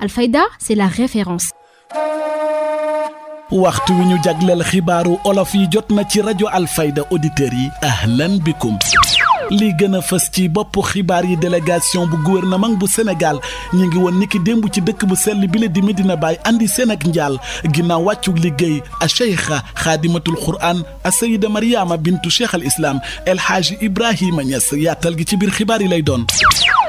Alfayda c'est la référence. waxtu wi ñu jagleel xibaaru olof yi jot na ci rajo Alfayda auditeurs yi ahlan bikum li gën a fës ci bopp xibaar yi délégation bu gouvernement bu Sénégal ñu ngi woon nikki démb ci dëkk bu sell bi la di Medina Baye indi seen ak njaal ginnaaw wàccu liggéey a cheikha xaadimatul quran a sayida mariama bintu cheikh al islam El Hadji Ibrahima Niass yaatal gi ci biir xibaar yi lay doon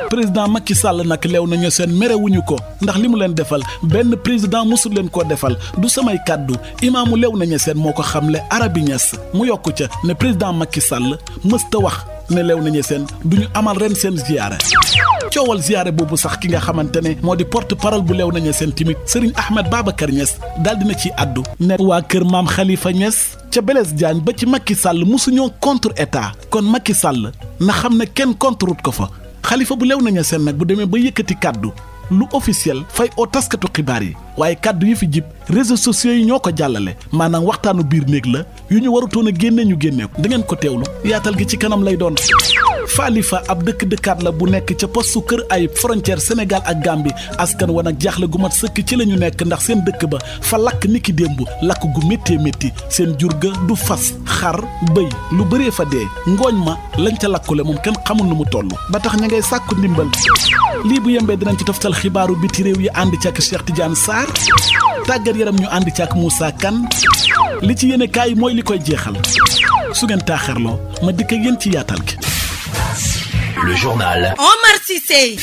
président Macky Sall nag lew nañu seen merewuñu ko ndax li mu leen defal benn président musul leen koo defal du samay kàddu imaamu lew nañu seen moo ko xamle arabi ñes mu yokku ca ne président Macky Sall mësta wax ne lew nañu seen du ñu amal ren seen ziyaara coowal ziyaare boobu sax ki nga xamante ne moo di porte parole bu lew nañu seen timit Serigne Ahmed Babacar Niass daal dina ci addu ne waa kër maam xalifa Niass ca Blaise Diagne ba ci Macky Sall mosuñoo contre état kon Macky Sall na xam ne kenn contre ko fa xalifa bu lew nañu seen nag bu demee ba yëkkati kàddu lu officiel fay oo taskatu xibaar yi waaye kàddu yi fi jib réseaux sociaux yi ñoo ko jàllale maanaam waxtaanu biir néeg la yu ñu warutoon a génne ñu génne ko da ngeen ko teewlu yaatal gi ci kanam lay doon. Faalifa ab dëkk-dëkkaat la bu nekk ca pos su Kër ay frontière Sénégal ak Gambie askan wa nag jaaxle gu mat sëkk ci la ñu nekk ndax seen dëkk ba fa lakk nikki démb lakk gu méttee métti seen jur ga du fas xar bëy lu bëree fa dee ngooñ ma lañ ca lakkule moom kenn xamul nu mu toll ba tax ña ngay sàkku ndimbal lii bu yembee dinañ ci toftal xibaaru biti réew yi ànd ci ak Cheikh Tidiane Sarr tàggat yaram ñu ànd ci ak Moussa Kane li ci yéene kaay mooy li koy jeexal su ngeen taaxarloo ma dikk ak ci yaatal gi le journal. Omar Cissé.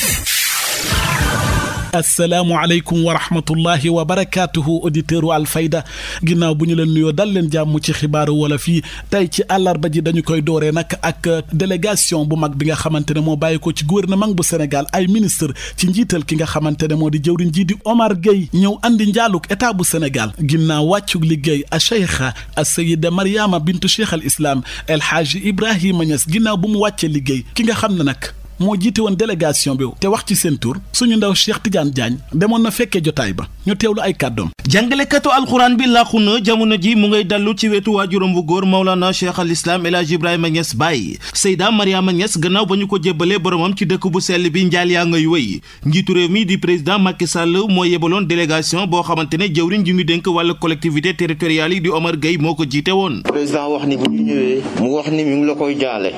asalaamualeykum wa rahmatullahi wa barakaatuhu auditeur u Alfayda ginnaaw bu ñu leen nuyoo dal leen jàmm ci xibaaru wolof yi tey ci àllarba ji dañu koy doore nag ak délégation bu mag bi nga xamante ne moo bàyyi ko ci gouvernement bu Sénégal ay ministre ci njiital ki nga xamante ne moo di jëwriñ ji di Omar Gueye ñëw andi njaaluk état bu Sénégal ginnaaw wàccug liggéey a cheikha a sayida Mariama bintu cheikh al islam El Hadji Ibrahima Niass ginnaaw bu mu wàccee liggéey ki nga xam ne nag moo jiite woon délégation bi te wax ci seen tur suñu ndaw Cheikh Tidiane Diagne demoon na fekkee jotaay ba ñu teewlu ay kàddoom jàngalekatu alxuraan bi làqu na jamono ji mu ngay dallu ci wetu waajuram bu góor Mawlana Cheikh al Islam El Hadj Ibrahima Niass Baye Seyda Mariama Niass gannaaw ba ñu ko jébbalee boromam ci dëkk bu sell bi njaal yaa ngay wéy njiitu réew mi di président Macky Sall moo yebaloon délégation boo xamante ne jëwriñ ji ñu dénk wàllu collectivité territoriale yi di Omar Gueye moo ko jiite woon wax ni bu la koy jaale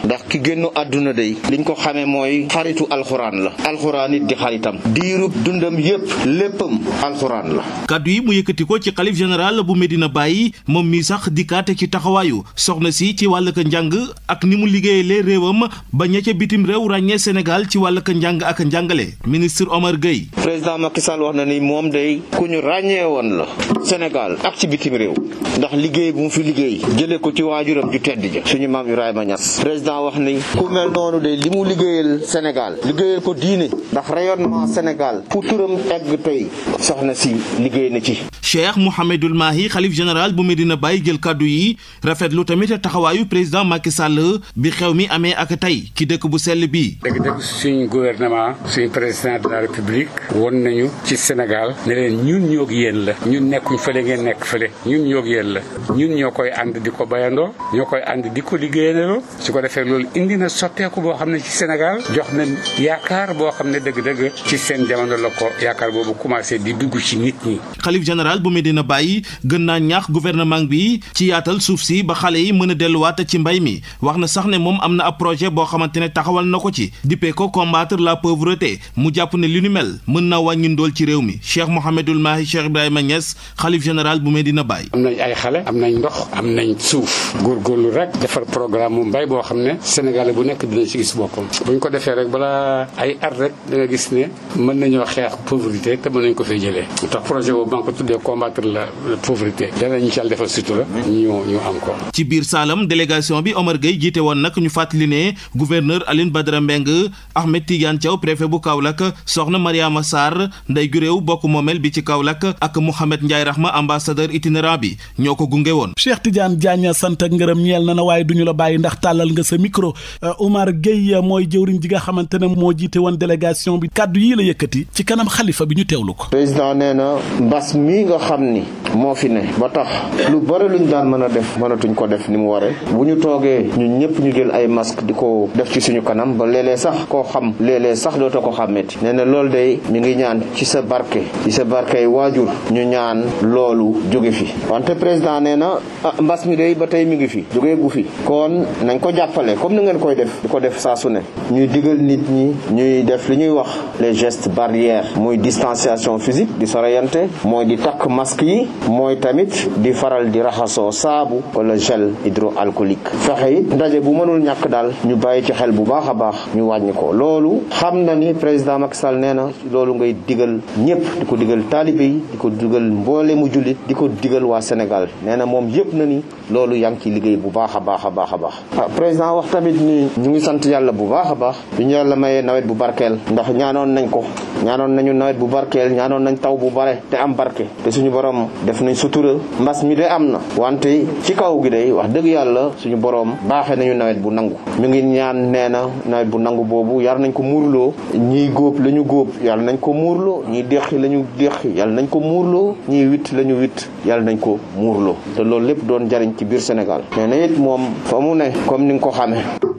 mooy xaritu alxuraan la alxuraan it di xaritam diirub dundam yépp léppam alxuraan la. kàddu yi mu yëkkati ko ci xalif général bu Medina bàyyi moom mi sax dikkaate ci taxawaayu soxna si ci wàll njàng ak ni mu liggéeyalee réewam ba ña ca bitim réew ràññee Sénégal ci wàllug njàng ak njàngale ministre Omar Gueye. président Macky Sall wax na ni moom day ku ñu ràññee woon la Sénégal ak ci bitim réew ndax liggéey bu mu fi liggéey jëlee ko ci waajuram ju tedd ja suñu maam Ibrahima ñas président wax ni ku mel noonu de li mu liggéeyal Sénégal liggéeyal ko diine ndax rayonnement Sénégal fu turam egg tey soxna si liggéey na ci. Cheikh Mouhamadul Mahi xalif général bu dina bàyyi jël kàddu yi rafetlu tamit taxawaayu président Macky sàll bi xew mi amee ak tey ki dëkk bu sell bi. dëgg-dëgg suñ gouvernement suñ président de la république won nañu ci Sénégal ne ñun ñoo yéen la ñun nekkuñ fële ngeen nekk fële ñun ñoo yéen la ñun ñoo koy ànd di ko bayandoo ñoo koy ànd di ko liggéeyandoo su ko defee loolu indi na sotteeku boo xam ne ci Sénégal jox na yaakaar boo xam ne dëgg-dëgg ci seen jamono la ko yaakaar boobu commencé di dugg ci nit ñi. xalif général bu dina bàyyi gën naa ñaax gouvernement bi ci yaatal suuf si ba xale yi mën a delluwaat ci mbay mi wax na sax ne moom am na ab projet boo xamante ne taxawal na ko ci dippee ko combattre la pauvreté mu jàpp ne li nu mel mën naa wàññi ndool ci réew mi Cheikh Mouhamadul Mahi Cheikh Ibrahima Niass xalif général bu Medina Baye. am nañ ay xale am nañ ndox am nañ suuf góorgóorlu rek defar programme mu mbay boo xam ne Sénégal nekk dina boppam defee rek balaa ay at rek da nga gis ne mën nañoo xeex pauvreté te mën nañ ko fay jëlee tax projet boobu maa ko tuddee combattre la pauvreté danañ ci yàlla defal sutura ñu ñu am ko ci biir Saalum délégation bi Omar Gueye jiite woon nag ñu fàttali ne gouverneur Alioune Badara Mbengue Ahmed Tidiane Thiaw préfet bu Kaolack soxna Mariama Sarr nday guréew bokk moomeel bi ci Kaolack ak Mouhamed Ndiaye Rahma ambassadeur itinérant bi ñoo ko gunge woon Cheikh Tidiane Diagne sant ak ngërëm ñeel na waaye duñu la bàyyi ndax tàllal nga sa micro euh, ji nga xamante ne moo jiite woon délégation bi kàddu yii la yëkkati ci kanam xalifa bi ñu teewlu ko. président nee na mbas mi nga xam ni moo fi ne ba tax lu bëri luñ daan mën a def mënatuñ ko def ni mu waree bu ñu toogee ñun ñëpp ñu jël ay masque di ko def ci suñu kanam ba léeg sax koo xam léeg sax dootoo ko xàmmeeti nee na loolu day mi ngi ñaan ci sa barke ci sa barkey waajur ñu ñaan loolu jóge fi wante président nee na ah, mbas mi day ba tey mi ngi fi jógee fi kon nañ ko jàppale comme ni ngeen koy def di ko def saa digal nit ñi ñuy def li ñuy wax les gestes barrières muy distanciation physique di soreyante mooy di takk masque yi mooy tamit di faral di raxasoo saabu wala gel hydroalcoolique fexe yi ndaje bu mënul ñàkk daal ñu bàyyi ci xel bu baax a baax ñu wàññi ko loolu xam na ni président Macky Sall nee na loolu ngay digal ñëpp di ko digal taalibe yi di ko digal mboole mu jullit di ko digal waa Sénégal nee na moom yëpp na ni loolu yaa ngi ci liggéey bu baax a baax a baax a baax ah, yàlla bu baax a baax yu ñu yàlla mayee nawet bu barkeel ndax ñaanoon nañ ko ñaanoon nañu nawet bu barkeel ñaanoon nañ taw bu bare te am barke te suñu borom def nañ sutura mbas mi de am na wante ci kaw gi day wax dëgg yàlla suñu borom baaxee nañu nawet bu nangu mu ngi ñaan nee na nawet bu nangu boobu yar nañ ko muurloo ñiy góob la ñu góob yàlla nañ ko muurloo ñiy déqi la ñu déqi yàlla nañ ko muurloo ñii witt la ñu witt yàlla nañ ko muurloo te loolu lépp doon jariñ ci biir Sénégal nee ni nga ko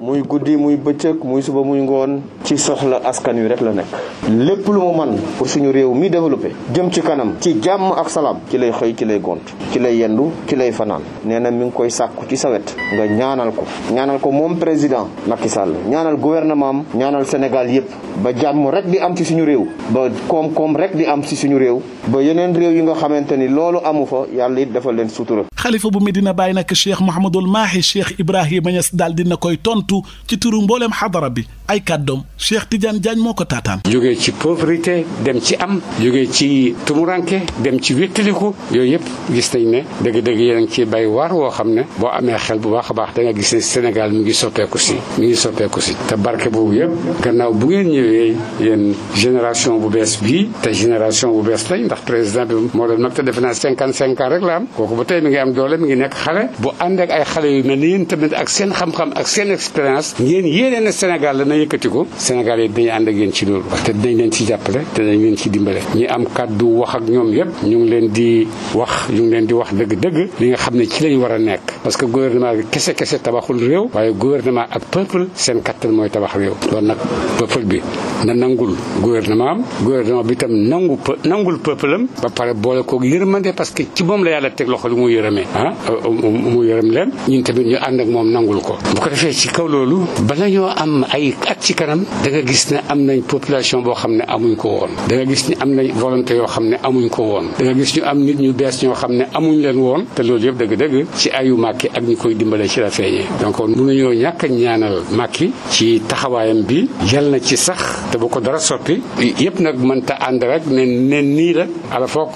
muy guddi muy bëccëg muy suba muy ngoon ci soxla askan wi rek la nekk lépp lu mu man pour suñu réew mi développé jëm ci kanam ci jàmm ak salaam ci lay xëy ci lay gont ci lay yendu ci lay fanaan nee na mi ngi koy sàkku ci sawet nga ñaanal ko ñaanal ko moom président Macky Sall ñaanal gouvernement am ñaanal Sénégal yépp ba jàmm rek di am ci suñu réew ba koom-koom rek di am ci suñu réew ba yeneen réew yi nga xamante ni loolu amu fa yàlla it dafa leen sutura xalifa bu Medina Baye nag Cheikh Mouhamadul Mahi Cheikh Ibrahima Niass daal dina koy tontu ci turu mboolem xadara bi ay kàddoom Cheikh Tidiane Diagne moo ko taataan. jógee ci pauvreté dem ci am jógee ci tumuranke dem ci wéttaliku yooyu yëpp gis nañ ne dëgg-dëgg yéen a ngi ciy bay waar woo xam ne boo amee xel bu baax a baax da nga gis ne Sénégal mi ngi soppeeku si mi ngi soppeeku si te barke boobu yëpp gannaaw bu ngeen ñëwee yéen génération bu bees bii te génération bu bees lañ ndax président bi moo doon mag te defe naa cinquante cinq rek la am kooku ba tey mi ngi am doole mi ngi nekk xale bu ànd ay xale yu mel ni yéen tamit ak seen xam ak seen expérience ngeen yéenee ne Sénégal dana yëkkati ko Sénégal yi dañuy ànd ak yéen ci loolu te dinañ leen ci jàppale te dinañ leen ci dimbale ñi am kàddu wax ak ñoom yëpp ñu ngi leen di wax ñu ngi leen di wax dëgg-dëgg li nga xam ne ci lañ war a nekk parce que gouvernement bi kese kese tabaxul réew waaye gouvernement ak peuple seen kattan mooy tabax réew loolu nag peuple bi na nangul gouvernement am gouvernement bi itam nangu nangul peuple am ba pare boole koog yërmande parce que ci moom la yàlla teg loxo lu mu yërëmee ah mu yërëm leen ñun tamit ñu ànd ak moom nangul ko bu ko defee ci kaw loolu bala ñoo am ay at ci kanam da nga gis ne am nañ population boo xam ne amuñ ko woon da nga gis ñu am nañ volonté yoo xam ne amuñ ko woon da nga gis ñu am nit ñu bees ñoo xam ne amuñ leen woon te loolu yëpp dëgg-dëgg ci ayu Macky ak ñu koy dimbalee ci la feeñee donc mënuñoo ñàkk ñaanal Macky ci taxawaayam bi yal na ci sax te bu ko dara soppi yëpp nag mënta ànd rek ne ne nii la ala foog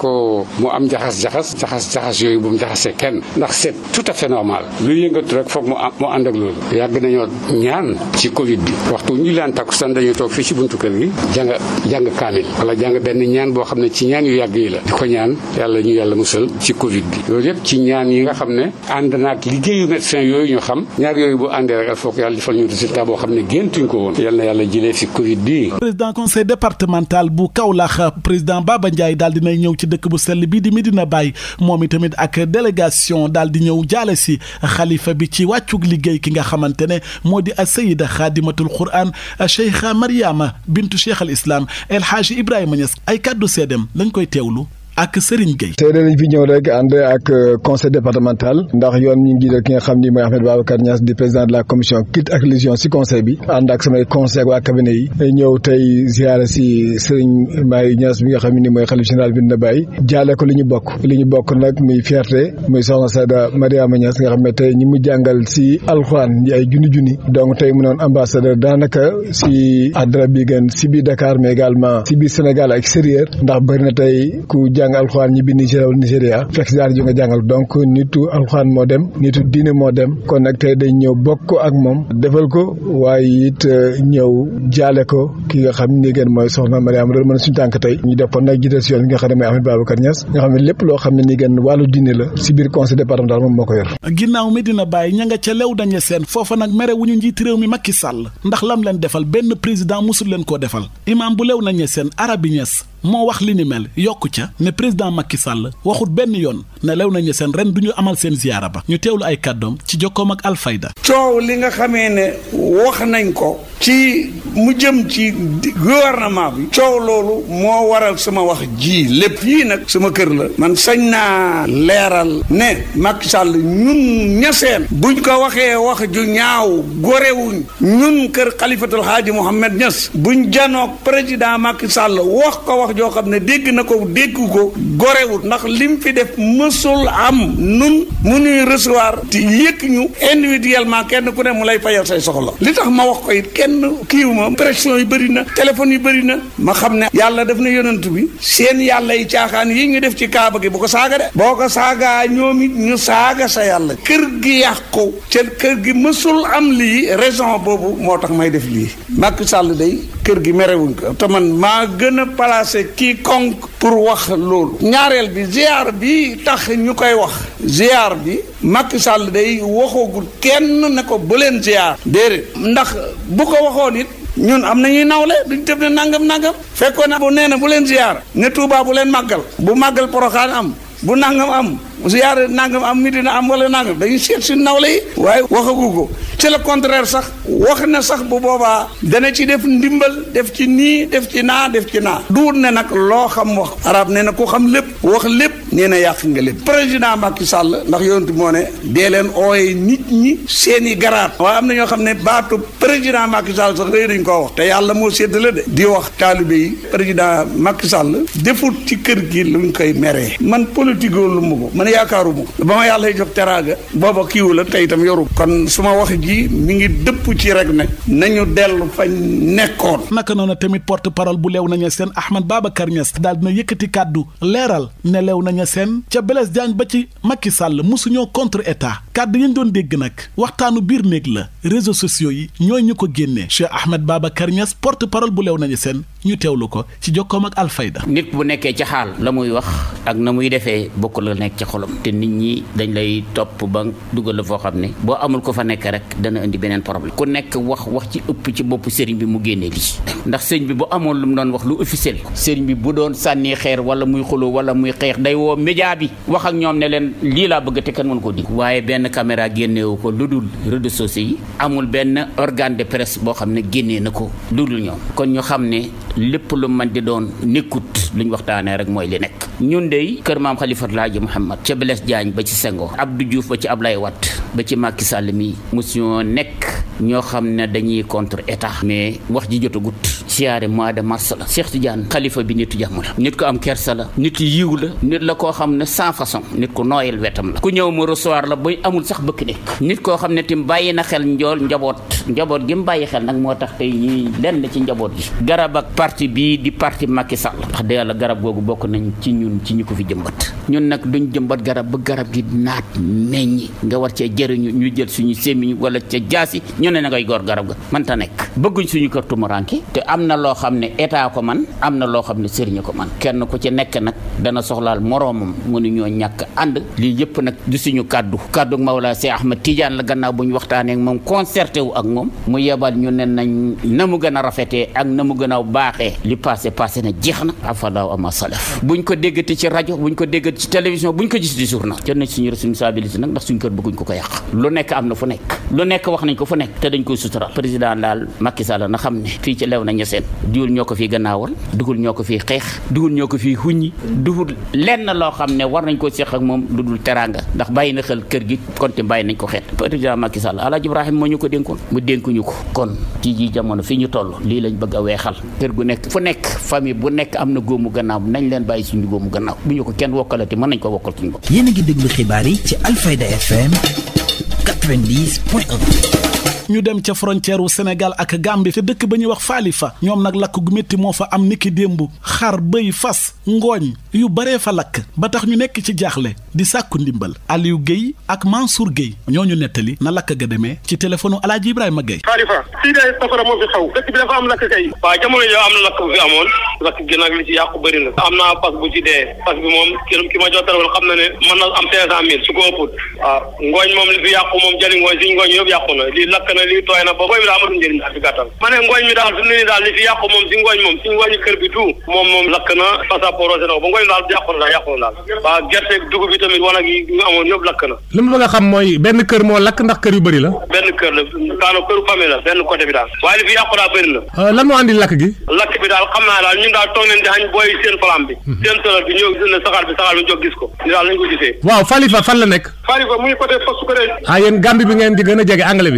mu am jaxas-jaxas jaxas-jaxas yooyu bu mu jaxasee kenn ndax c'est tout à fait normal lu yëngatu rek foog mu am ànd ak loolu yàgg nañoo ñaan ci Covid bi takkusaan dañuy toog fii ci buntu kër gi jàng jàng kaamil wala jàng benn ñaan boo xam ne ci ñaan yu yàgg yi la di ko ñaan yàlla ñu yàlla musal ci covid bi loolu yëpp ci ñaan yi nga xam ne ànd naag liggéeyu médecin yooyu ñu xam ñaar yooyu bu àndee rek il faut que yàlla defal ñu résultat boo xam ne géntuñ ko woon yal na yàlla jëlee fi covid bi président conseil départemental bu moom i tamit ak délégation daal di ñëw jaale si xalifa bi ci wàccug liggéey ki nga xamante ne moo di Sayyida Xaadimatul cheikha mariama bintu cheikh al islam el haaji ibrahima ñas ay kàddu seedem lañ koy teewlu ak Serigne Gueye. tey dañ fi ñëw rek ànd ak euh, conseil départemental ndax yoon ñu ngi ki nga xam ni mooy Ahmed Babacar Niass di président de la commission quitte ak religion si conseil bi ànd ak samay conseil ak waa cabinet yi ñëw tey si Serigne Maye Niass bi nga xam ni mooy xalif général bi na bàyyi jaale ko li ñu bokk li ñu bokk nag muy fierté muy soxna Sada Mariama Niass nga xam ne tey ñi mu jàngal si alxuraan ay junni junni donc tey mu noon ambassadeur daanaka si àddara bi gën si biir Dakar mais également si biir Sénégal extérieur ndax bëri na tey ku jàng alxuraan ñi bind ci réew Nigéria fekk daara ju nga jàngal donc nitu alxuraan moo dem nitu diine moo dem kon nag tey dañ ñëw bokk ak moom defal ko waaye it euh, ñëw jaale ko ki nga xam ni ngeen mooy soxna Mariama loolu mën suñu tànk tey ñu def ko nag jiite si yoon bi nga ne mooy Ahmed Babacar Niass nga xam ne lépp loo la si biir conseil départemental moom moo ko yor ginnaaw Medina Baye ña nga ca lew dañu seen foofa nag mere wu ñu njiit mi Macky Sall ndax lam leen defal benn président musul leen koo defal imam moo wax li ni mel yokku ca ne président makki Sall waxut benn yoon ne lew nañu seen ren du ñu amal seen ziyaara ba ñu teewlu ay kàddoom ci jokkoom ak Alfayda coow li nga xamee ne wax nañ ko ci mu jëm ci gouvernement bi coow loolu moo waral sama wax ji lépp yii nag sama kër la man sañ naa leeral ne Macky Sall ñun ñaseen buñ ko waxee wax ju ñaaw gorewuñ ñun kër xalifatul xaaji Mohammed Niass buñ janoog président Macky Sall wax ko wax wax joo xam ne dégg na ko dégg ko gorewut ndax mu fi def mësul am nun mu ñuy recevoir te yëkk ñu individuellement kenn ku ne mu lay fayal say soxla li tax ma wax ko it kenn kiiwu ma pression yu bëri na téléphone yu bëri na ma xam ne yàlla def na yonent bi seen yàlla yi caaxaan yi ñu def ci kaaba gi bu ko saaga de boo ko saagaa ñoom it ñu saaga sa yàlla kër gi yàqu ca kër gi mësul am lii raison boobu moo tax may def lii Macky Sall day kër gi merewuñ ko te man maa gën a placé quiconque pour wax lool ñaareel bi ziar bi tax ñu koy wax ziar bi Macky sàll day waxoogul kenn ne ko bu leen ziar déedéet ndax bu ko waxoon it ñun am na nañuy nawle duñ tëb ne nangam nangam fekkoon na bu nee na bu leen ziar ne Touba bu leen màggal bu màggal poroxaan am bu nangam am ziyaare nangam am na am wala nangam dañuy seet si nawle yi waaye waxagu ko ci le contraire sax wax na sax bu boobaa dana ci def ndimbal def ci nii def ci naa def ci naa duur ne nag loo xam wax araab ne na ku xam lépp wax lépp nee na yàq nga lépp président Macky Sall ndax yontu moo ne dee leen ooye nit ñi seen i garaat waaye am na ñoo xam ne baatu président Macky Sall sax réy dañ koo wax te yàlla moo séddale de di wax taalibe yi président Macky Sall defut ci kër gi luñ koy meree man politique lu man yaakaaru mu ba ma yàlla jox teraanga booba kiiwu la tey itam yoru kon su ma wax ji mi ngi dëpp ci rek ne nañu dellu fa nekkoon naka noonu tamit porte parole bu lew nañu seen Ahmed baaba Niass daal dina yëkkati kàddu leeral ne leew nañu seen ca Blaise Diagne ba ci Macky Sall mosuñoo contre état kàddu yi ñu doon dégg nag waxtaanu biir néeg la réseau sociaux yi ñooy ñu ko génnee Cheikh Ahmed Babacar Niass porte parole bu lew nañu seen ñu teewlu ko ci jokkoom ak Alfayda. nit bu nekkee ci xaal la muy wax ak na muy defee bokk la nekk ci xolam te nit ñi dañ lay topp ba dugal la foo xam ne boo amul ko fa nekk rek dana indi beneen problème ku nekk wax wax ci ëpp ci bopp sëriñ bi mu génnee lii ndax sëriñ bi bu amoon lu mu doon wax lu officiel sëriñ bi bu doon sànni xeer wala muy xuloo wala muy xeex day woo média bi wax ak ñoom ne leen lii laa bëgg te kenn mën koo di waaye benn caméra génnewu ko lu dul réseaux sociaux amul benn organe de boo xam ne génnee na ko lu dul lépp lu man di doon nekkut luñ waxtaanee rek mooy li nekk ñun dey kër maam Xalifa Laaji Muhammad ca Blaise Diagne ba ci Senghor Abdou Diouf ba ci ab lay wat ba ci Macky Sall mii mosuñoo nekk ñoo xam ne dañuy contre état mais wax ji jotagut siyaare mois de mars la Cheikh Tidiane xalifa bi nitu jàmm la nit ko am kersa la nit yiw la nit la koo xam ne sans façon nit ku nooyal wetam la ku ñëw mu recevoir la buy amul sax bëkk nekk nit koo xam ne tim bàyyi na xel njool njaboot njaboot gi mu bàyyi xel nag moo tax tey yi lenn ci njaboot gi garab ak parti bii di parti Macky Sall wax dëgg yàlla garab googu bokk nañ ci ñun ci ñu ko fi jëmbat ñun nag duñ jëmbat garab ba garab gi naat meññi nga war cee jëriñu ñu jël suñu sémmiñ wala ca jaasi ñu ne na ngay gor garab ga man nekk bëgguñ suñu kër tumuranke te am na loo xam ne état ko man am na loo xam ne sëriñ ko man kenn ku ci nekk nag dana soxlaal moroomam mënu ñoo ñàkk ànd lii yëpp nag du suñu kàddu kàddu Mawlaa Seex Ahmad Tidiane la gannaaw bu ñu waxtaanee ak moom concerté wu ak moom mu yebal ñu ne nañ na mu gën a rafetee ak na mu gën a baaxee li passé passé na jeex na afalaaw ama salaf buñ ko déggati ci rajo buñ ko déggati ci bu buñ ko gis di journal jël nañ suñu responsabilité nag ndax suñu kër bëgguñ ko ko yàq lu nekk am na fu nekk lu nekk wax nañ ko fu nekk te dañ koy sutural président daal Macky Sall na xam ne fii ci lew na ñeseen diwul ñoo ko fii gannaawal dugul ñoo ko fii xeex dugul ñoo ko fii xuññi dugul lenn loo xam ne war nañ ko séq ak moom lu dul teraanga ndax bàyyi na xel kër gi konti bàyyi nañ ko xel président Macky Sall El Hadj Ibrahima moo ñu ko dénkoon mu dénkuñu ko kon ci jamono fii ñu toll lii lañ bëgg a weexal kër gu nekk fu nekk famille bu nekk am na góomu gannaaw nañ leen bàyyi suñu góomu gannaaw bu ñu ko kenn wokkalati mën nañ ko wokkal suñu bopp yéen a ngi déglu xibaar yi ci Alfayda FM 90 point 1 ñu dem ca frontière wu senegal ak Gambie te dëkk ba ñuy wax Faalifa ñoom nag lakk gu metti moo fa am niki démb xar bëy fas ngooñ yu baree fa lakk ba tax ñu nekk ci jaaxle di sàkku ndimbal Aliou Guèye ak Mansour Guèye ñoo ñu nettali na lakk ga demee ci téléphone u Alaaji Ibrahima Guèye Faalifa fii day safara moo fi xaw dëkk bi dafa am lakk kay waaw jamono yoo am na lakk bu fi amoon lakk gi nag li ci yàqu bëri na am naa fas bu ci fas bi moom ki ma jox téléphone am cinq cent mille su ko ëpput waaw ah. ngooñ moom li fi yàqu moom ne lii tooy na boo koy bi daa amatul njëriñ daal ci ma ne ngooñ daal li fi yàqu moom si ngooñ moom si ngooñu kër bi tout moom moom lakk na passeport rosé ko ba ngooñ daal yàqu na daal yàqu na daal waa gerte dugub bi tamit wanag yi ñu amoon ñëpp lakk na li mu bëgg a xam mooy benn kër moo lakk ndax kër daal li fi yàqu daal bëri na euh, lan moo andi lakk gi lakk bi daal xam naa daal ñun daal toog nañ di xañ booy seen flam bi mhm. seen solal bi ñëw gis saxaar bi saxaar bi jóg gis ko ñu daal lañ ko gisee waaw Falifa fan la nekk Falifa muy côté Fass Soukaré ah yéen Gambie bi ngeen gën a jege anglais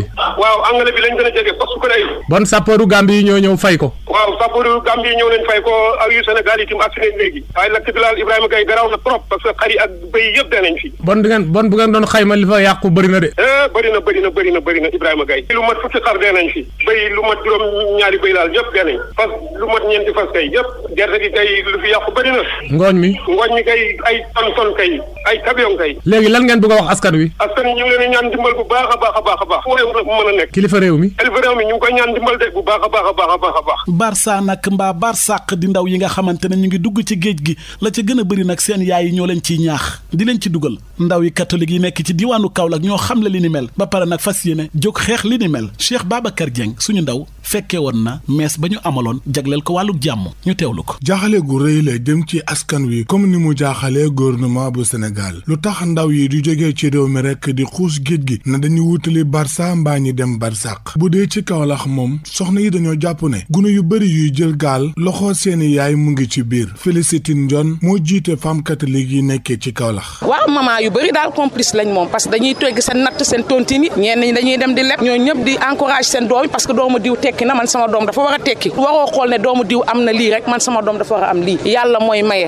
waaw engrais bi lañ gën a jege parce que day. bon sapooru Gambie yi ñoo ñëw fay ko. waaw sapooru Gambie yi ñëw nañ fay ko ak yu Sénégal itam ak suñu léegi. waaye lakk bi laal Ibrahima Gaye garaaw na trop parce que xar yi ak béy yëpp danañ fi. bon di ngeen bon bu ngeen doon xayma li fa yàqu bëri na de. Eh, bëri na bëri na bëri na bëri na Ibrahima Gaye. lu mat fukki xar dee nañ fi. béy lu mat juróom-ñaari béy laal yëpp dee nañ. fas lu mat ñeenti fas kay yëpp gerte gi kay lu fi yàqu bëri na. ngooñ mi ngooñ mi kay ay ton ton kay ay camion kay. léegi lan ngeen bëgg a wax askan wi. askan wi ñu ngi leen di ñaan dimbal bu baax a baax a baax a baax nekk. kilifa réew a baax a baax a baax a nag mbaa Barsàq di ndaw yi nga xamante ne ñu ngi dugg ci géej gi la ca gën a bëri nag seen yaay yi ñoo leen ciy ñaax di leen ci dugal ndaw yi catholique yi nekk ci diwaanu Kaolack ñoo xam le li ni mel ba pare nag fas yéene jóg xeex li ni mel Cheikh Babacar Dieng suñu ndaw fekkee woon na mees ba ñu amaloon jagleel ko wàllu jàmm ñu teewlu ko. jaaxale gu rëy la jëm ci askan wi comme ni mu jaaxalee gouvernement bu Sénégal lu tax ndaw yi di jógee ci réew mi rek di xuus géej gi na dañu wutali Barça dem bu dee ci Kaolack moom soxna yi dañoo jàpp ne gune yu bëri yuy jël gaal loxo seeni yaay mu ngi ci biir Félicitine Ndione moo jiite femme catholique yi nekkee ci Kaolack waaw maman yu bëri daal complice lañ moom parce dañuy tegg seen natt seen tontini ñenn ñi dañuy dem di leb ñoo ñëpp di encourage seen doom parce que doomu diw tekki na man sama doom dafa war a tekki waroo xool ne doomu diw am na lii rek man sama doom dafa war am lii yàlla mooy maye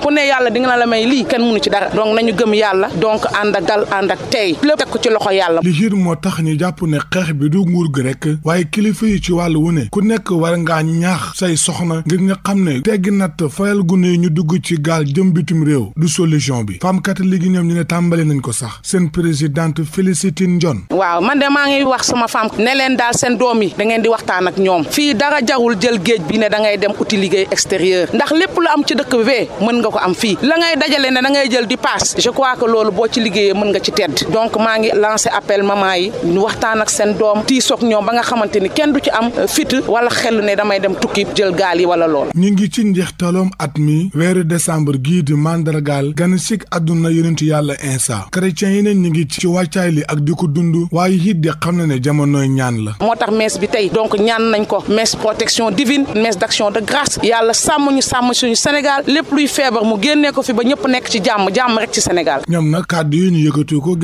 ku wàllu nguur gi rek waaye kilifa yi ci wàllu wu ne ku nekk war ngaa ñaax say soxna ngir nga xam ne teggi natt fayal gune ñu dugg ci gaal jëm bitim réew du solution bi femme catholique yi ñoom ñu ne tàmbali nañ ko sax seen présidente Félicitine Dione waaw man de maa ngi wax sama femme ne leen daal seen doom yi da di waxtaan ak ñoom fii dara jarul jël géej bi ne da ngay dem uti liggéey extérieur ndax lépp lu am ci dëkk bee mën nga ko am fii la ngay dajale ne da ngay jël di paas je crois que loolu boo ci liggéeyee mën nga diisoog ñoom ba nga xamante ni kenn du ci am euh, fit wala xel ne damay dem tukki jël gaal yi wala lool. ñu ngi ci njeextaloom at mi weeru décembre gii di mandargaal gan sik àdduna yonentu yàlla insa chrétiens yi ñu ngi ci wàccaay li ak di ko dund waaye it de xam na ne jamonoy ñaan la. moo tax messe bi tey donc ñaan nañ ko messe protection divine messe d'action de grâce yàlla sàmm ñu sàmm suñu Sénégal lépp luy feebar mu génnee ko fi ba ñëpp nekk ci jàmm jàmm rek ci Sénégal. ñoom nag kàddu yi ñu yëkkatoo ko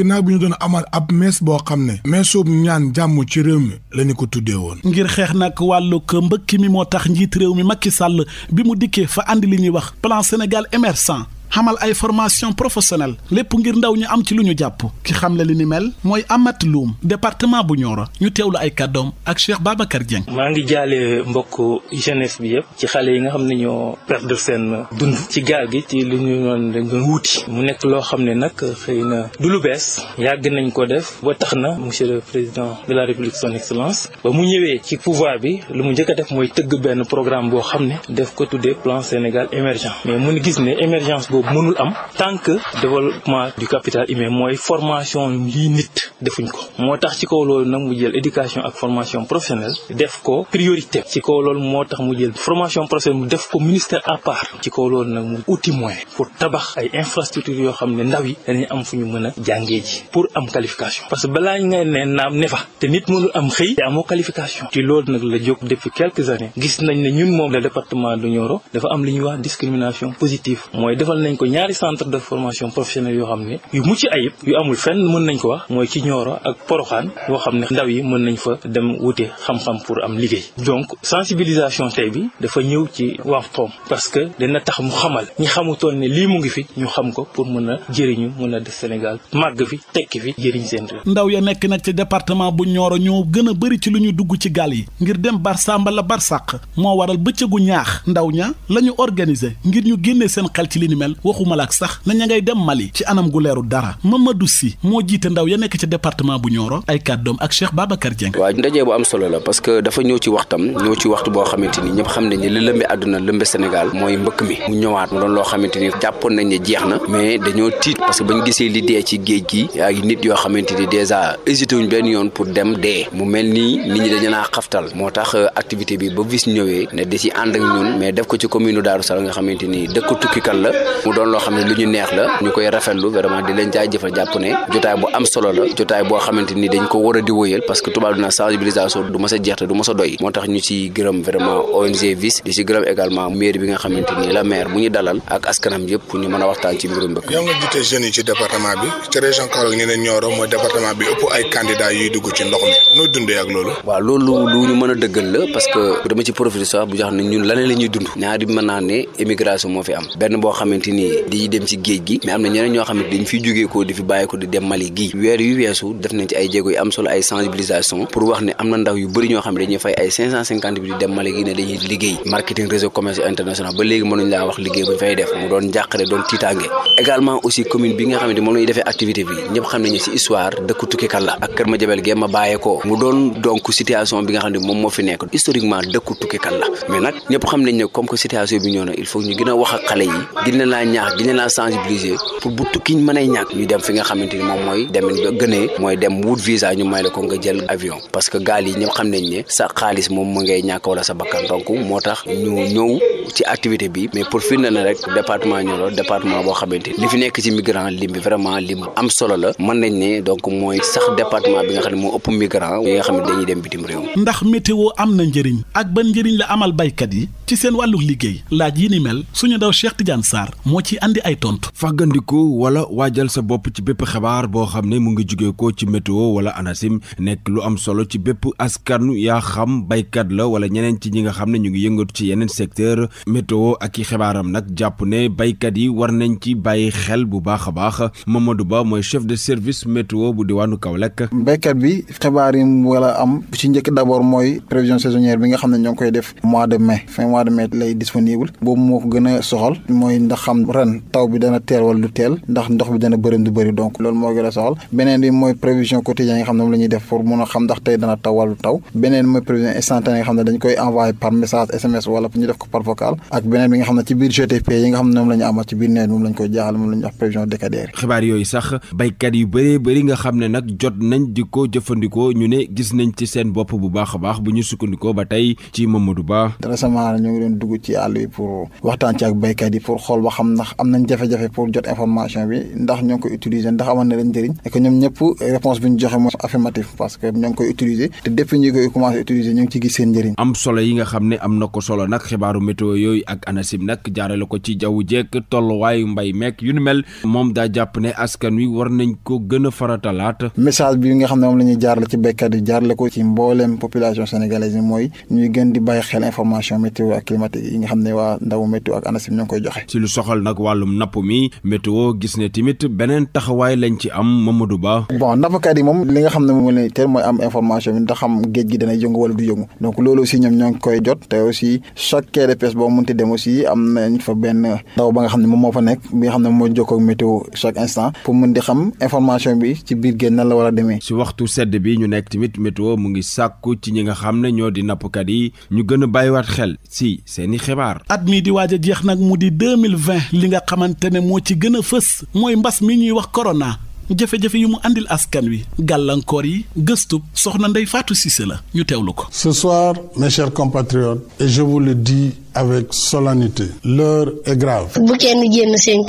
ci réew mi la ñu ko tuddee woon ngir xeex nag wàllug mbëkk mi moo tax njiit réew mi Macky sàll bi mu dikkee fa àndi li ñuy wax plan Sénégal émergent xamal ay formation professionnelle lépp ngir ndaw ñu am ci lu ñu jàpp ki xam la li ni mel mooy amat Loum département bu Nioro ñu teew teewlu ay kàddoom ak Cheikh Babacar Dieng. maa ngi jaalee mbokk jeunesse bi yëpp ci xale yi nga xam ne ñoo perdre seen dund ci gaal gi ci lu ñu noon dañ doon wuti mu nekk loo xam ne nag xëy na du lu bees yàgg nañ ko def ba tax na monsieur le président de la république son excellence ba mu ñëwee ci pouvoir bi lu mu njëkk a def mooy tëgg benn programme boo xam ne def ko tuddee plan Sénégal émergent boobu mënul am tant que développement du capital humain mooy formation yi nit defuñ ko moo tax ci kaw loolu nag mu jël éducation ak formation professionnelle def ko priorité ci kaw loolu moo tax mu jël formation professionnelle mu def ko ministère à part ci kaw loolu nag mu outil moyen pour tabax ay infrastructures yoo xam ne ndaw yi am fu ñu mën a jàngee ji pour am qualification parce que balaa nga ne naam ne fa te nit mënul am xëy te amoo qualification ci loolu nag la jóg depuis quelques années gis nañ moom le département de Nioro dafa nañ ko ñaari centre de formation professionnelle yoo ko wax mooy ci Nioro ak Porokhane yoo xam ne ndaw yi mën nañ fa dem wute xam-xam pour am liggéey donc sensibilisation tey bi dafa ñëw ci Wampom parce que dina tax mu xamal ñi xamutoon ne lii mu ngi fi ñu xam ko pour mën a jëriñu mën a def Sénégal màgg fi tekki fi jëriñ seen réew ndaw ya nekk nag ci département bu Nioro ñoo gën a bëri ci lu ñuy dugg ci gaal yi ngir dem Barsamba la Barsàq moo waral bëccëgu ñaax ndaw ña la ñu ngir ñu génne seen xel ci li waxuma la ak sax na ña ngay dem Mali ci anam gu leeru dara Mamadou si moo jiite ndaw ya nekk ci département bu Nioro ay kàddoom ak Cheikh Babacar Dieng waa ndaje bu am solo la parce que dafa ñëw ci waxtam ñëw ci waxtu boo xamante ni ñëpp xam nañ ne li lëmbe àdduna lëmbe Sénégal mooy mbëkk mi mu ñëwaat mu doon loo xamante ni jàppoon nañ ne jeex na mais dañoo tiit parce que bañ gisee li dee ci géej gi ay nit yoo xamante ni dèjà hésité wuñ benn yoon pour dem dee mu mel nii nit ñi dañu naa moo tax euh, activité bi ba vis ñëwee ne da ci ànd ak ñun mais def ko ci commune Daaru Salaam nga xamante ni dëkk tukkikat la mu doon loo xam ne lu ñu neex la ñu koy rafetlu vraiment di a di wóyal parce a jeex te du mës a doy a waxtaan ci mbirum dund ñaari mën naa ne émigration moo fi am benn boo xamante nii di dem ci géej gi mais am na ñeneen ñoo xam ne dañ fiy jógee ko di fi bàyyi ko di dem Mali gii weer yu weesu def nañ ci ay jéego yu am solo ay sensibilisation pour wax ne am na ndaw yu bëri ñoo xam ne dañuy fay bi di dem def mu doon njàqare doon tiitaange également aussi commune bi nga xam ne moom moom moo fi nekk historiquement dëkku tukkikat la mais nag ñëpp xam nañ ne comme que situation bi ñëw na il faut ñu gën a wax ak xale yi ñaax dina laa sensibiliser pour bu tukki mën a ñàkk ñu dem fi nga xamante ni moom mooy demin ba mooy dem wut visa ñu may la ko nga jël avion parce que gaal yi ñëpp xam nañ ne sa xaalis moom mu ngay ñàkk wala sa bakkan donc moo tax ñu ñëw ci activité bi mais pour firnde na rek département Nioro département boo xamante ni li fi nekk ci migrant lim bi vraiment lim am solo la mën nañ ne donc mooy sax département bi nga xam ne moo ëpp migrant yi nga xam ne dañuy dem bitim réew ndax météo am na njëriñ ak ban la amal baykat yi yi ni mel suñu daw Cheikh moo ci indi ay tontu. faggandiku wala waajal sa bopp ci bépp xabaar boo xam ne mu ngi jugee ko ci météo wala ANACIM nekk lu am solo ci bépp askanu yaa xam baykat la wala ñeneen ci ñi nga xam ne ñu ngi yëngatu ci yeneen secteur météo ak i xibaaram nag jàpp ne baykat yi war nañ ci bàyyi xel bu baax a baax Mamadou Ba mooy chef de service météo bu diwaanu Kaolack. baykat bi xibaar yi wala am ci njëkk d'abord mooy prévision saisonnière bi nga xam ne ñoo ngi koy def mois de mai fin mois de mai lay disponible boobu moo gën a soxal ren taw bi dana teel wala du teel ndax ndox bi dana bërim du bëri donc loolu moo gën a soxal beneen bi mooy prévision quotidien yi nga xam ne moom la def pour mun a def ko par vocal ak beneen bi nga xam ne nag jot nañ di ko jëfandikoo ñu ne gis nañ ci seen bopp bu baax baax bu ñu sukkandikoo ba tey ci Mamadou Ba récemment ñu ngi doon dugg ci àll bi pour waxtaan ci ak baykat yi pour xool ba xam xam ndax am nañ jafe-jafe pour jot information bi ndax ñoo ngi koy na leen njëriñ et que ñoom ñëpp réponse bi ñu joxe mooy affirmative parce que ñoo ngi koy utiliser te depuis ñu koy commencé utiliser ñu am ne am na ko solo nag xibaaru météo yooyu ak ANACIM nag jaarale ko ci jaww jekk tolluwaayu mbay meek yu ni mel moom daa jàpp ne askan wi war nañ ko gën a faratalaat message bi nga xam ne moom la ñuy jaarale ci béykat yi jaarale ko ci mbooleem population sénégalaise mooy ñuy gën di bàyyi xel information météo ak climatique yi nga xam ne waa ndaw météo ak ANACIM ñoo ngi koy joxe soxal nag wàllum napp mi météo gis ne tamit beneen taxawaay lañ ci am Mamadou Ba. bon nappkat yi moom li nga xam ne moom la teel mooy am information bi ndax xam géej gi dana yëngu wala du yëngu donc loolu aussi ñoom ñoo ngi koy jot te aussi chaque quai de pêche boo fa benn ndaw ba nga xam ne moom moo fa nekk bi nga xam ne moo jokkoo ak météo chaque instant pour mun di xam information bi ci biir géej nan la war a demee. si waxtu sedd bi ñu nekk tamit météo mu ngi sàkku ci ñi nga xam ne ñoo di nappkat yi ñu gën a bàyyiwaat xel si seeni xibaar. at mii di waaj jeex nag mu di li nga xamante ne moo ci gën a fës mooy mbas mi ñuy wax corona. jafe-jafe yu mu àndil askan wi gàllankoor yi gëstub soxna Ndeye Fatou Cissé la ñu teewlu ko. Ce soir, mes chers compatriotes, et je vous avec solennité. l'heure est grave. bu kenn génn seen